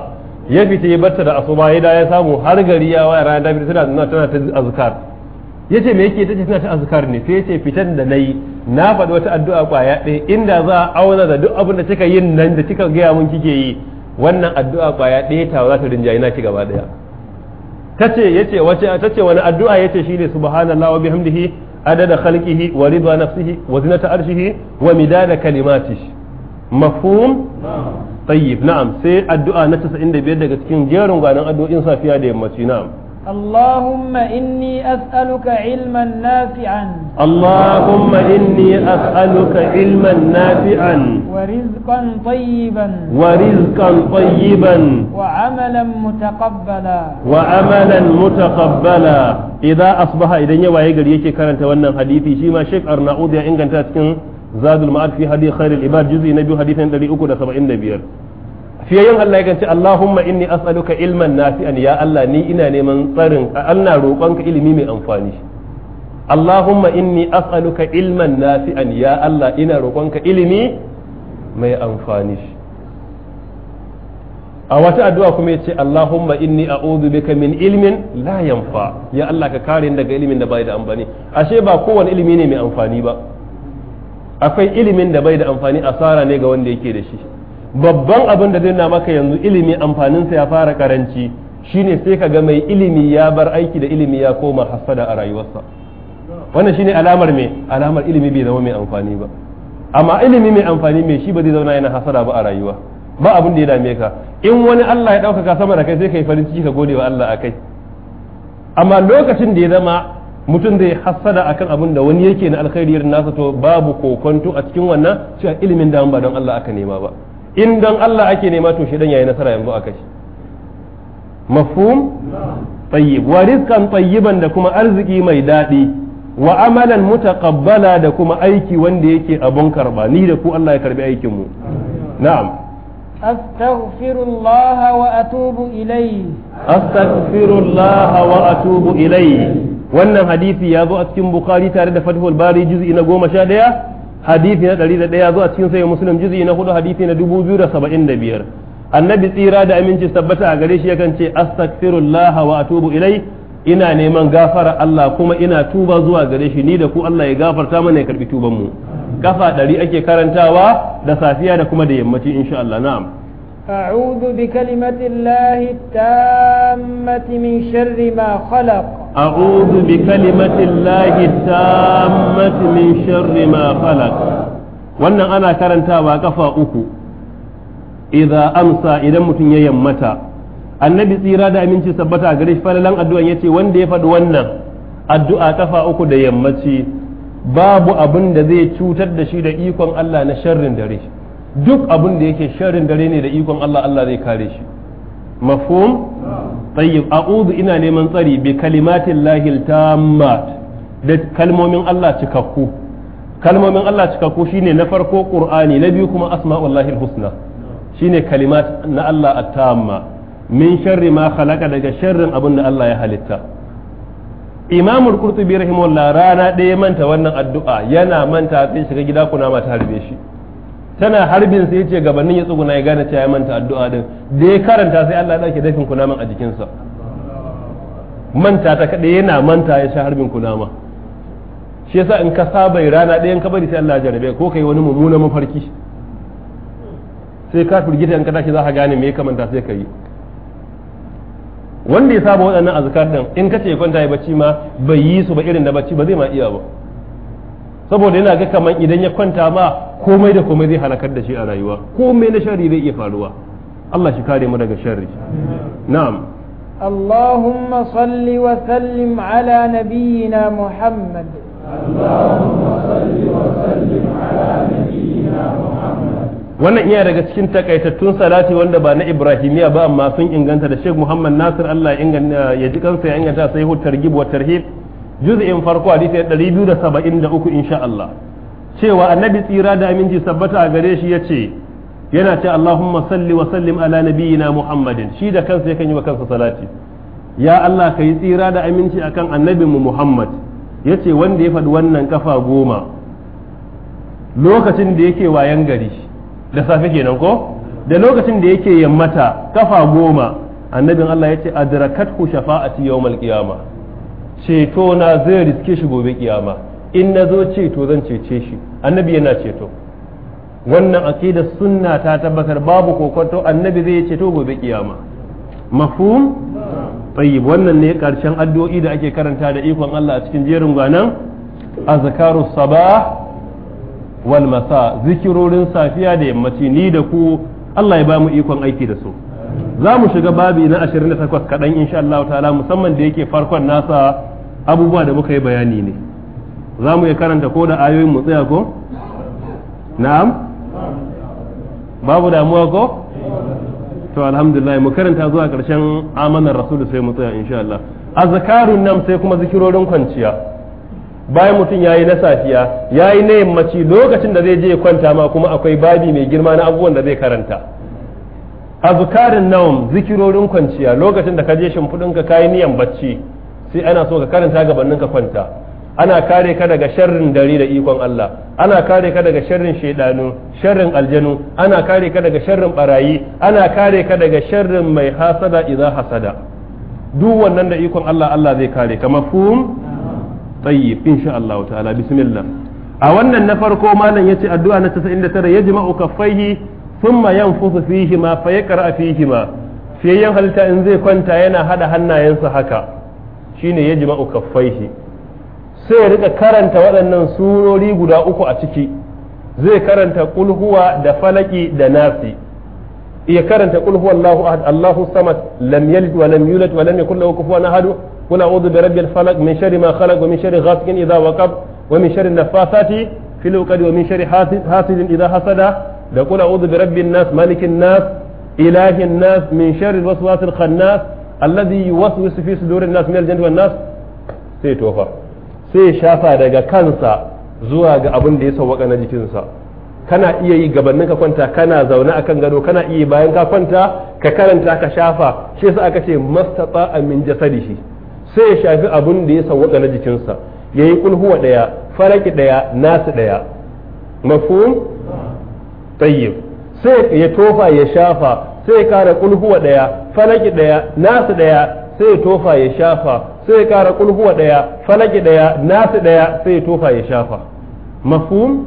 ya fita ya barta da asuba ya ya samu har gari ya waya ranar dabi tana tana ta azkar yace me yake tace tana ta azkar ne sai yace fitan da nayi na faɗi wata addu'a kwaya ɗaya inda za a auna da duk abin da kika yin nan da kika gaya mun kike yi wannan addu'a kwaya ɗaya ta za ta rinjayi naki gaba ɗaya ta ce tace yace wace tace wani addu'a yace shine subhanallahi wa bihamdihi adada khalqihi wa rida nafsihi wa zinata arshihi wa midada kalimatihi mafhum tayyib na'am sai addu'a na 95 daga cikin jerin gwanan addu'o'in safiya da yammaci na'am اللهم إني أسألك علما نافعا اللهم إني أسألك علما نافعا ورزقا طيبا ورزقا طيبا وعملا متقبلا وعملا متقبلا اذا اصبح اذا يا واي غري يكي كرنت wannan hadisi shi ma Sheikh ya inganta cikin Zadul Ma'ad fi Hadi Ibad juz'i na biyu hadisin 375 fiye yin Allah ya gance Allahumma inni as'aluka ilman nafi'an ya Allah ni ina neman tsarin Allah roƙonka ilimi mai amfani Allahumma inni as'aluka ilman nafi'an ya Allah ina roƙonka ilimi mai amfani shi a wata addu'a kuma ya ce Allahumma inni a bika min ilmin la yanfa ya Allah ka kare daga ilimin da bai da amfani ashe ba kowane ilimi ne mai amfani ba akwai ilimin da bai da amfani asara ne ga wanda yake da shi babban abin da zai na maka yanzu ilimi amfaninsa ya fara karanci shine sai ka ga mai ilimi ya bar aiki da ilimi ya koma hasada a rayuwarsa wannan shine alamar me alamar ilimi bai zama mai amfani ba amma ilimi mai amfani mai shi ba zai zauna yana hasara ba a rayuwa ba abin da ya dame ka in wani Allah ya ɗaukaka sama da kai sai ka yi farin ciki ka gode wa Allah a kai amma lokacin da ya zama mutum zai hassada akan abin da wani yake na alkhairiyar nasa to babu kokonto a cikin wannan cewa ilimin da ba don Allah aka nema ba in don Allah ake nema to shi dan yayi nasara yanzu a kai. mafhum tayyib wa rizqan tayyiban da kuma arziki mai daɗi wa amalan mutaqabbala da kuma aiki wanda yake abun karba ni da ku Allah ya karbi aikin mu na'am astaghfirullah wa atubu ilayhi astaghfirullah wa atubu ilayhi wannan hadisi ya zo a cikin bukhari tare da fathul bari juz'i na 11 hadisi na 101 ya zo a cikin sahih muslim juz'i na 4 hadisi na 2075 annabi tsira da aminci tabbata a gare shi yakan ce astaghfirullah wa atubu ilayhi ina neman gafara Allah kuma ina tuba zuwa gare shi ni da ku Allah ya gafarta mana ya karbi tuban mu kafa ɗari ake karantawa da safiya da kuma da yammaci insha Allah na'am أعوذ بكلمة الله التامة من شر ما خلق أعوذ بكلمة الله التامة من شر ما خلق wannan ana karantawa kafa uku idza amsa idan mutum ya yammata annabi tsira da aminci sabbata a gare shi falalan addu'an ce wanda ya faɗi wannan addu'a kafa uku da yammaci babu abin da zai cutar da shi da ikon Allah na sharrin dare duk abin da yake sharrin dare ne da ikon Allah Allah zai kare shi mafhum tayyib a'udhu ina neman tsari bi kalimatin lahil tammat da kalmomin Allah cikakku kalmomin Allah cikakku shine na farko qur'ani na biyu kuma asma'ullahi husna shine kalimat na Allah at-tamma min sharri ma khalaqa daga sharrin abin da Allah ya halitta Imam qurtubi rahimahullah rana ɗaya manta wannan addu'a yana manta sai shiga gida kuna mata harbe shi tana harbin sai yace gabanin ya tsuguna ya gane cewa ya manta addu'a din da ya karanta sai Allah ya dauke dafin kunaman a jikinsa manta ta kaɗai yana manta ya sha harbin kunama shi yasa in ka saba rana ɗayan ka bari sai Allah ya jarabe ko kai wani mummuna mafarki sai ka firgita in ka tashi za ka gane me ya kamanta sai ka yi wanda ya saba waɗannan azkar din in kace ya kwanta ya bacci ma bai yi su ba irin da bacci ba zai ma iya ba saboda yana ga kaman idan ya kwanta ma komai da komai zai halakar da shi a rayuwa komai na shari zai iya faruwa Allah shi kare mu daga sharri na'am اللهم صل وسلم على نبينا محمد اللهم صل وسلم على نبينا محمد wannan iya daga cikin takaitattun salati wanda ba na ibrahimiya ba amma sun inganta da sheikh muhammad nasir allah ya ji kansa ya inganta sai hu targhib wa tarhib juz'in farko hadisi 273 insha Allah cewa annabi tsira da aminci sabbata a gare shi yace yana ce Allahumma salli wa sallim ala nabiyyina Muhammadin shi da kansa yakan yi wa kansa salati ya Allah ka yi tsira da aminci akan mu Muhammad yace wanda ya faɗi wannan kafa goma lokacin da yake wayan gari da safe kenan ko da lokacin da yake yammata kafa goma annabin Allah ya ce adrakathu shafa'ati yawmal qiyama ceto na zai riske shi gobe kiyama in na zo ceto zan cece shi annabi yana ceto wannan aqidar sunna ta tabbatar babu kokonto annabi zai ceto gobe kiyama mafhum tayyib wannan ne karshen addu'o'i da ake karanta da ikon Allah a cikin jerin gwanan azkarus sabah wal masa zikirorin safiya da yammaci ni da ku Allah ya ba mu ikon aiki da su za mu shiga babi na 28 kaɗan insha Allah ta'ala musamman da yake farkon nasa abubuwa da muka yi bayani ne za mu iya karanta ko da ayoyin mu tsaya ko na'am babu damuwa ko to alhamdulillah mu karanta zuwa ƙarshen amanar rasulu sai mu tsaya insha Allah azkarun nam sai kuma zikirorin kwanciya bayan mutum ya yi na safiya ya yi na yammaci lokacin da zai je kwanta ma kuma akwai babi mai girma na abubuwan da zai karanta azukarin naum zikirorin kwanciya lokacin da ka je shimfiɗin ka kayi niyan bacci sai ana so ka karanta gabanin ka kwanta ana kare ka daga sharrin dare da ikon Allah ana kare ka daga sharrin shaidanu sharrin aljanu ana kare ka daga sharrin barayi ana kare ka daga sharrin mai hasada idza hasada duk wannan da ikon Allah Allah zai kare ka mafhum tayyib insha Allah ta'ala bismillah a wannan na farko malam ce addu'a na 99 yajma'u kaffaihi thumma yanfusu fihi ma fa yaqra fihi ma fiyayyen halitta in zai kwanta yana hada hannayensa haka shine yajma'u kaffaihi sai ya rika karanta waɗannan surori guda uku a ciki zai karanta kulhuwa da falaki da nasi iya karanta kulhuwa Allahu ahad Allahu samad lam wa lam yulad wa قل أعوذ برب الفلق من شر ما خلق ومن شر غاسق إذا وقب ومن شر النفاثات في الوقد ومن شر حاسد إذا حسد قل أعوذ برب الناس مالك الناس إله الناس من شر الوسواس الخناس الذي يوسوس في صدور الناس من الجنة والناس سيتوفى sai shafa daga kansa zuwa ga abin da ya sauwaka na jikinsa kana iya yi gabanin ka kwanta kana zaune akan gado kana iya bayan ka kwanta ka karanta ka shafa shi yasa aka ce mastata min jasadihi sai ya shafi abin da ya sawwaka na jikinsa ya yi kulhuwa ɗaya faraki ɗaya nasu ɗaya mafhum tayyib sai ya tofa ya shafa sai ya kara kulhuwa ɗaya falaki ɗaya nasu ɗaya sai ya tofa ya shafa sai ya kara kulhuwa ɗaya falaki ɗaya nasu ɗaya sai ya tofa ya shafa mafhum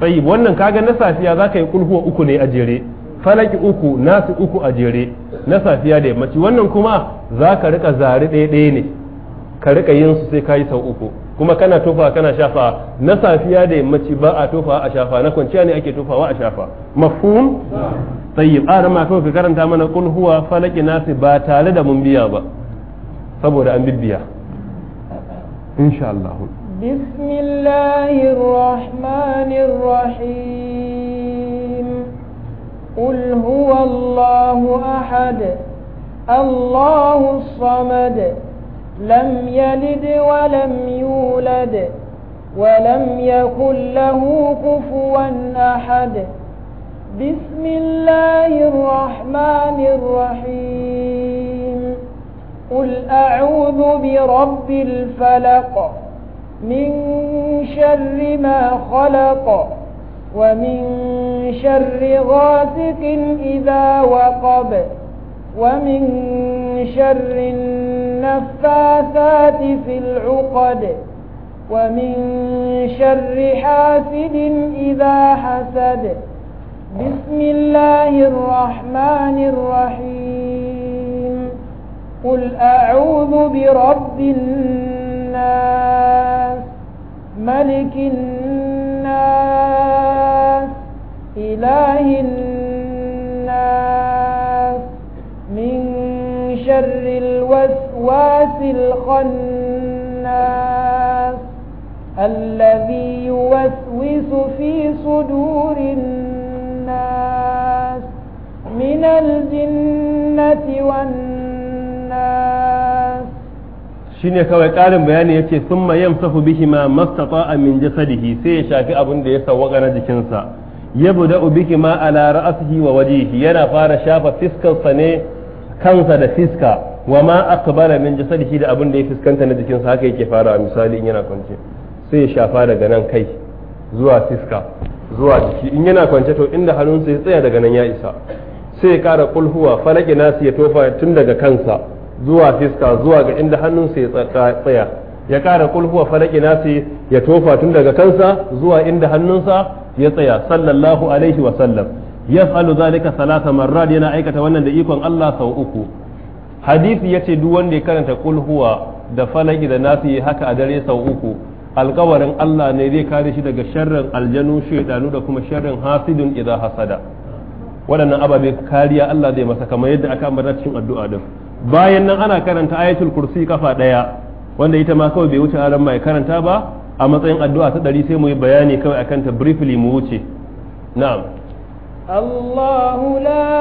tayyib wannan kaga na safiya zaka yi kulhuwa uku ne a jere falaki uku nasu uku a jere na safiya da yammaci wannan kuma za ka rika zari ɗaya ɗaya ne ka rika yin su sai ka yi sau uku kuma kana tofa kana shafa na safiya da yammaci ba a tofa a shafa na kwanciya ne ake tofawa a shafa mafhum tayyib ara ma kawai ka karanta mana kul huwa falaki nasi ba tare da mun biya ba saboda an bibbiya insha Allah bismillahir rahmanir rahim قل هو الله أحد الله الصمد لم يلد ولم يولد ولم يكن له كفوا أحد بسم الله الرحمن الرحيم قل أعوذ برب الفلق من شر ما خلق ومن شر غاسق إذا وقب ومن شر النفاثات في العقد ومن شر حاسد إذا حسد بسم الله الرحمن الرحيم قل أعوذ برب الناس ملك الناس إله الناس من شر الوسواس الخناس الذي يوسوس في صدور الناس من الجنة والناس shine kawai ƙarin bayani ya ce sun mayan safu bihima mastata min jasadihi sai ya shafi abin da ya sawwaka na jikinsa yabda biki ma ala ra'sihi wa wajhihi yana fara shafa fiskal ne kansa da fiska wa ma aqbala min jasadihi da abin da ya fiskanta na jikinsa haka yake fara misali in yana kwance sai ya shafa daga nan kai zuwa fiska zuwa jiki in yana kwance to inda hannunsa ya tsaya daga nan ya isa sai ya kara kulhuwa falaki nasu ya tofa tun daga kansa zuwa fiska zuwa ga inda hannunsa ya tsaya ya kara kulhuwa falaki nasu ya tofa tun daga kansa zuwa inda hannunsa ya tsaya sallallahu alaihi wa sallam yaf'alu zalika salasa marrat yana aikata wannan da ikon Allah sau uku hadisi yace duk wanda ya karanta qul huwa da falaki da nasi haka a dare sau uku alkawarin Allah ne zai kare shi daga sharrin aljanu shaidanu da kuma sharrin hasidun idza hasada waɗannan ababe kariya Allah zai masa kamar yadda aka ambata cikin addu'a din bayan nan ana karanta ayatul kursi kafa daya wanda ita ma kawai bai wuce aran mai karanta ba a matsayin addu'a ta ɗari sai mu yi bayani kawai akan ta briefly mu wuce na'am الله لا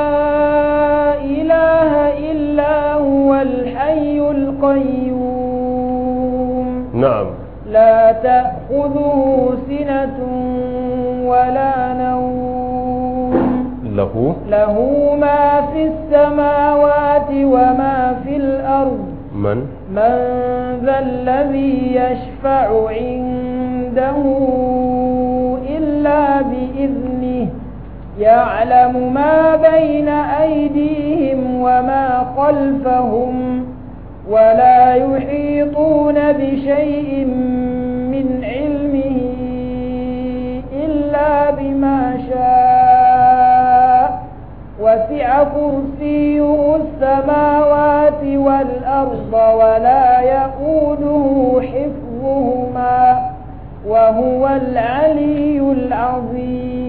إله إلا هو الحي القيوم نعم لا تأخذه سنة ولا نوم له له ما في السماوات وما في الأرض من من ذا الذي يشفع عنده إلا بإذنه يعلم ما بين أيديهم وما خلفهم ولا يحيطون بشيء من علمه إلا بما شاء وسع كرسيه السماوات والأرض ولا يئوده حفظهما وهو العلي العظيم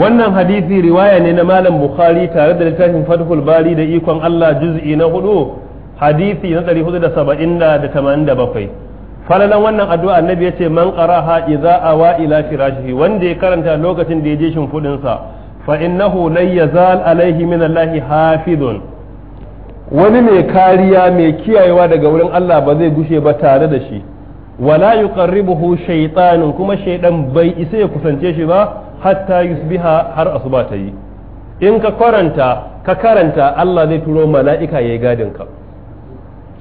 wannan hadisi riwaya ne na malam bukhari tare da littafin fathul bari da ikon Allah juz'i na hudu hadisi na 477 falalan wannan addu'a annabi yace man qaraha idza awa ila firashihi wanda ya karanta lokacin da ya je shimfudin sa fa innahu lan yazal alaihi min Allah hafizun wani mai kariya mai kiyayewa daga wurin Allah ba zai gushe ba tare da shi wala yuqarribuhu shaytanun kuma shaydan bai isa ya kusance shi ba hatta yusbiha har asuba ta yi in ka karanta ka karanta Allah zai turo mala'ika yayi gadin ka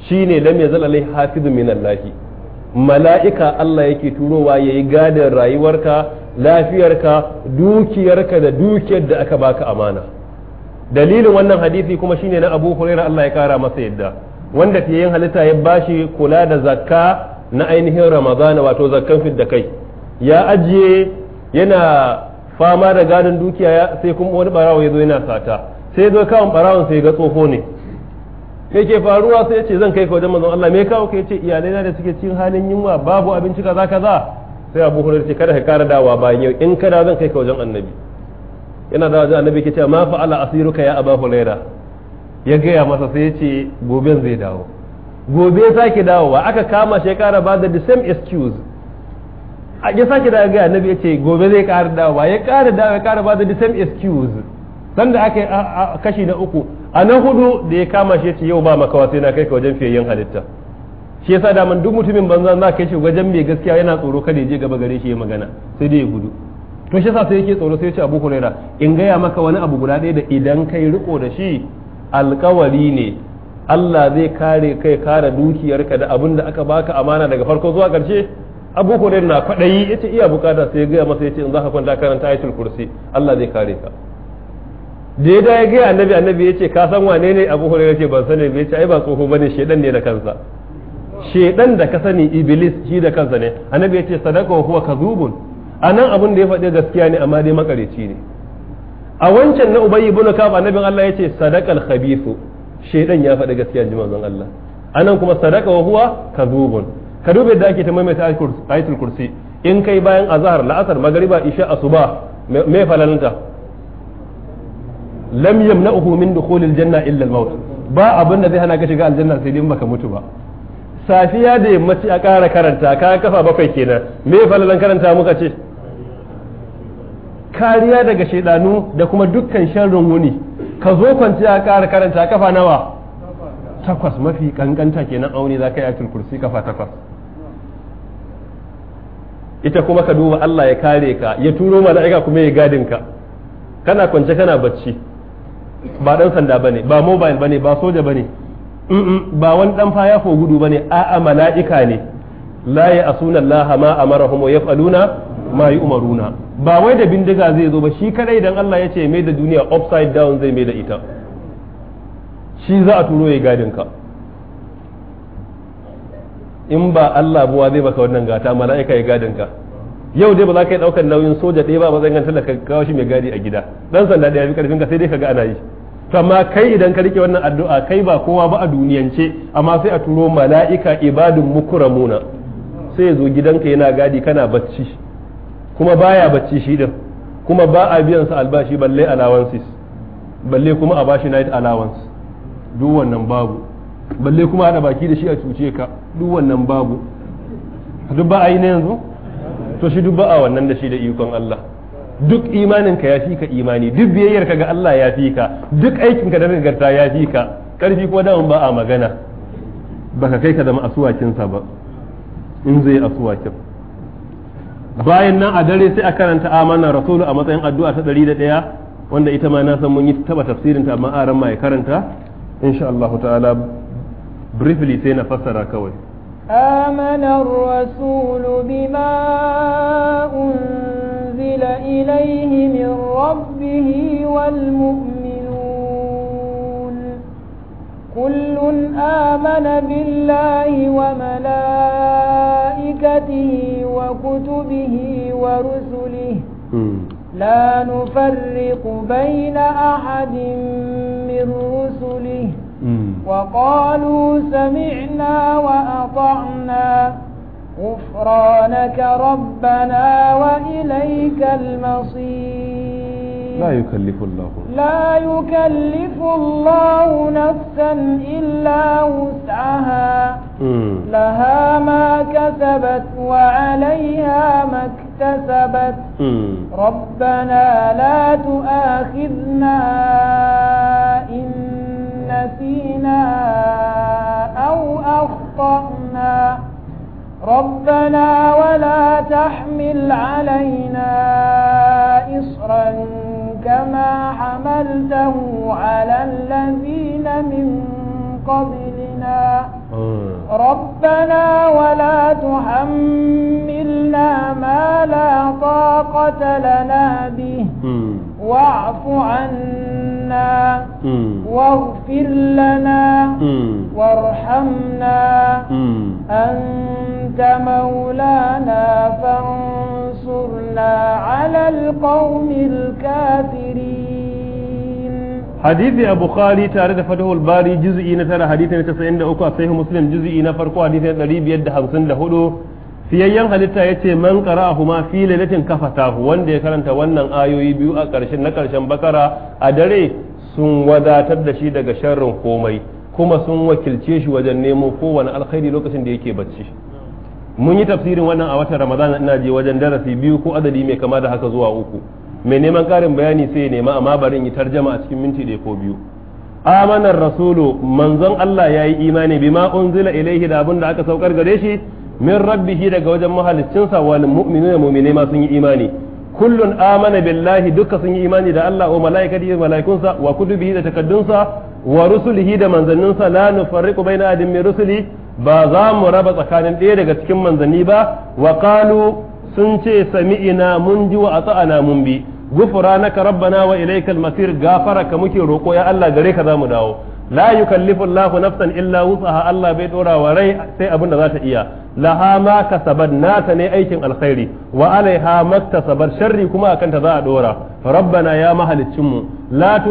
shine lam yazal alaihi hafizun min Allah mala'ika Allah yake turowa yayi gadin rayuwarka lafiyarka dukiyarka da dukiyar da aka baka amana dalilin wannan hadisi kuma shine na Abu Hurairah Allah ya kara masa yadda wanda fiye halitta ya bashi kula da zakka na ainihin ramadan wato zakkan fidda kai ya ajiye yana fama da gadon dukiya sai kuma wani barawo ya zo yana sata sai zo kawon barawon sai ga tsoho ne kai ke faruwa sai ya ce zan kai ka wajen manzon Allah me kawo kai ce iyalai na da suke cikin halin yunwa babu abinci kaza kaza sai abu hurairah ce kada ka kara dawa bayan yau in kada zan kai ka wajen annabi yana da wajen annabi ke cewa ma fa'ala asiruka ya abu hurairah ya gaya masa sai ya ce goben zai dawo gobe ya sake dawowa aka kama shi ya kara ba da the same excuse ya sake da ga annabi ya ce gobe zai kara dawowa ya kara dawo ya kara ba da the same excuse san da aka kashi na uku a na hudu da ya kama shi ya ce yau ba makawa sai na kai ka wajen fiyayyen halitta shi yasa da duk mutumin banza za kai shi wajen mai gaskiya yana tsoro kada ya je gaba gare shi ya magana sai dai ya gudu to shi yasa sai yake tsoro sai ya ce Abu Huraira in gaya maka wani abu guda ɗaya da idan kai riko da shi alƙawari ne Allah zai kare kai kare dukiyarka da abin da aka baka amana daga farko zuwa ƙarshe Abu Hurairah na kwaɗayi yace iya bukata sai ya gaya masa yace in za ka kwanta karanta ayatul kursi Allah zai kare ka da ya da ya gaya annabi annabi yace ka san wane ne Abu Hurairah yace ban sani ba yace ai ba tsoho bane shedan ne da kansa shedan da ka sani iblis shi da kansa ne annabi ya ce sadaka wa huwa kadhubun anan abun da ya faɗi gaskiya ne amma dai makareci ne a wancan na ubayy ibn kab annabin Allah ya ce al khabithu shedan ya faɗi gaskiya ji manzon Allah anan kuma sadaka wa huwa kadhubun ka dube da ake ta maimaita ayatul kursi in kai bayan azhar la'asar magriba isha asuba me falalanta lam yamna'uhu min dukhulil janna illa al-maut ba abin da zai hana ka shiga aljanna sai dai baka mutu ba safiya da yammaci a ƙara karanta ka kafa bakwai kenan me falalan karanta muka ce kariya daga shaidanu da kuma dukkan sharrin wuni ka zo kwanciya a ƙara karanta kafa nawa takwas mafi kankanta kenan auni za ka yi kursi kafa takwas ita kuma ka duba Allah ya kare ka ya turo mala'ika kuma ya gadin ka kana kwance kana bacci ba dan sanda bane ba mobile bane ba soja bane ba wani dan faya fo gudu bane a'a mala'ika ne la ya asuna Allah ma amarahum wa yaf'aluna ma yu'maruna ba wai da bindiga zai zo ba shi kadai idan Allah ya ce mai da duniya upside down zai mai da ita shi za a turo ya gadin ka in ba Allah buwa zai baka wannan gata mala'ika ya gadin ka yau dai ba za ka yi daukar nauyin soja ɗaya ba ba zan ganta da kawo shi mai gadi a gida dan sanda da ya fi karfin ka sai dai ka ga ana yi amma kai idan ka rike wannan addu'a kai ba kowa ba a duniyance amma sai a turo mala'ika ibadun mukramuna sai ya zo gidanka yana gadi kana bacci kuma baya bacci shi din kuma ba a biyan sa albashi balle allowances balle kuma a bashi night allowance duk wannan babu balle kuma ana baki da shi a cuce ka duk wannan babu duk ba a yi na yanzu to shi duk ba a wannan da shi da ikon Allah duk imaninka ya fi ka imani duk biyayyarka ga Allah ya fi ka duk aikinka da nagarta ya fi ka karfi kuma daman ba a magana baka kai ka zama sa ba in zai asuwakin bayan nan a dare sai a karanta amana rasulu a matsayin addu'a ta ɗari da ɗaya wanda ita ma na san mun yi taba tafsirin ta amma aran ma ya karanta insha Allah ta'ala briefly sai na fassara kawai amana rasulu bima إليه من ربه والمؤمنون كل آمن بالله وملائكته وكتبه ورسله لا نفرق بين أحد من رسله وقالوا سمعنا وأطعنا غفرانك ربنا وإليك المصير لا يكلف الله لا يكلف الله نفسا إلا وسعها لها ما كسبت وعليها ما اكتسبت ربنا لا تؤاخذنا إن نسينا أو أخطأنا ربنا ولا تحمل علينا إصرا كما حملته على الذين من قبلنا آه. ربنا ولا تحملنا ما لا طاقة لنا به واعف عنا واغفر لنا وارحمنا أنت مولانا فانصرنا على القوم الكافرين حديث أبو خالي تارد فتح الباري جزئي نترى حديث نتسعين لأكو أصيح مسلم جزئي نفرقو حديث نريب يد حمسن لهدو fiyayyen halitta ya ce man qara'ahu ma fi lailatin kafatahu wanda ya karanta wannan ayoyi biyu a ƙarshen na ƙarshen bakara a dare sun wadatar da shi daga sharrin komai kuma sun wakilce shi wajen nemo kowane alkhairi lokacin da yake bacci mun yi tafsirin wannan a watan ramadana ina je wajen darasi biyu ko adadi mai kama da haka zuwa uku mai neman karin bayani sai ya nema amma barin yi tarjama a cikin minti ɗaya ko biyu amanar rasulu manzon Allah ya yi imani bima unzila ilaihi da abin da aka saukar gare shi min rabbihi daga wajen mahaliccinsa wa mu'minuna mu'minai ma sun yi imani kullun amana billahi duka sun yi imani da Allah wa malaikatihi malaikunsa wa kutubihi da takaddunsa wa rusulihi da manzanninsa la nufarriqu baina ahadin min rusuli ba za mu raba tsakanin ɗaya daga cikin manzanni ba wa qalu sun ce sami'ina mun ji wa ata'ana mun bi gufranaka rabbana wa ilaykal masir gafara muke roko ya Allah gare ka za mu dawo la yukallifu Allahu nafsan illa wusaha Allah bai dora wa rai sai abin da za ta iya laha ma kasabat nata ne aikin alkhairi wa alaiha maktasabar sharri kuma akan ta za a dora rabbana ya mahaliccin mu la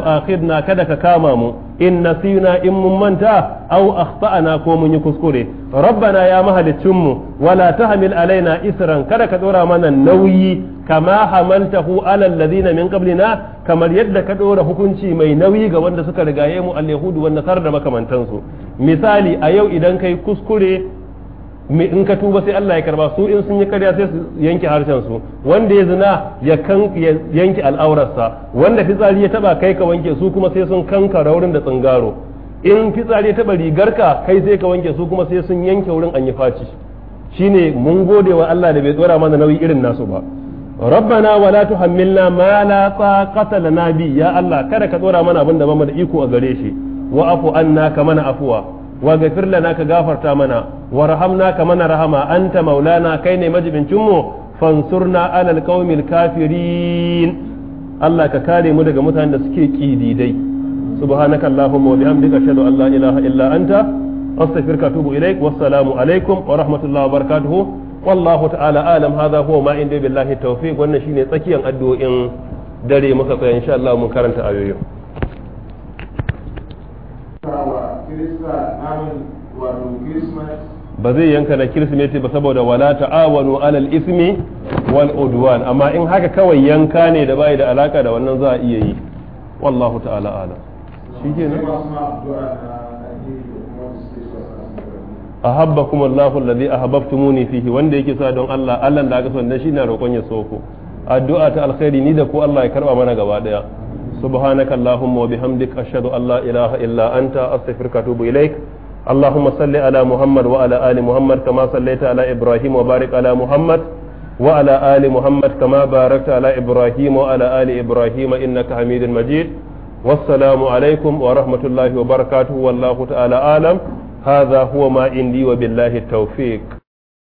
na kada ka kama mu in nasina in mun manta aw akhtana ko mun yi kuskure rabbana ya mahalicin mu wala tahmil alaina isran kada ka dora mana nauyi kama hamaltahu ala alladhina min qablina kamar yadda ka dora hukunci mai nauyi ga wanda suka rigaye mu al-yahudu wan nasara da makamantansu misali a yau idan kai kuskure in ka tuba sai Allah ya karba su in sun yi karya sai su yanke harshen su wanda ya zina ya kan yanke al'aurarsa wanda fitsari ya taba kai ka wanke su kuma sai sun kanka raurin da tsingaro in fitsari ya taba rigarka kai sai ka wanke su kuma sai sun yanke wurin an yi faci shine mun gode wa Allah da bai tsora mana nauyi irin nasu ba rabbana wala tuhammilna ma la taqata lana bi ya Allah kada ka tsora mana abin da ba mu da iko a gare shi wa afu anna kamana afuwa wa gafir lana ka gafarta mana warhamna ka mana rahama anta maulana kai ne majibincin mu na alal qaumil kafirin Allah ka kare mu daga mutanen da suke kididai subhanaka allahumma wa bihamdika ashhadu an illa anta astaghfiruka wa atubu ilaik wassalamu alaikum wa rahmatullahi wa wallahu ta'ala alam hadha huwa ma inda billahi taufi wannan shine tsakiyar addu'o'in dare muka tsaya insha Allah mun karanta ayoyin ba zai yanka na kirsimeti ba saboda wala ta'awanu alal ismi wal udwan amma in haka kawai yanka ne da bai da alaka da wannan za a iya yi wallahu ta'ala ala shi ke nan ahabbakum Allahu alladhi ahabbtumuni fihi wanda yake sa don Allah Allah da aka son shi na roƙon ya soko addu'a ta alkhairi ni da ku Allah ya karba mana gaba daya سبحانك اللهم وبحمدك أشهد أن لا إله إلا أنت أستغفرك وأتوب إليك اللهم صل على محمد وعلى آل محمد كما صليت على إبراهيم وبارك على محمد وعلى آل محمد كما باركت على إبراهيم وعلى آل إبراهيم إنك حميد مجيد والسلام عليكم ورحمة الله وبركاته والله تعالى أعلم هذا هو ما عندي وبالله التوفيق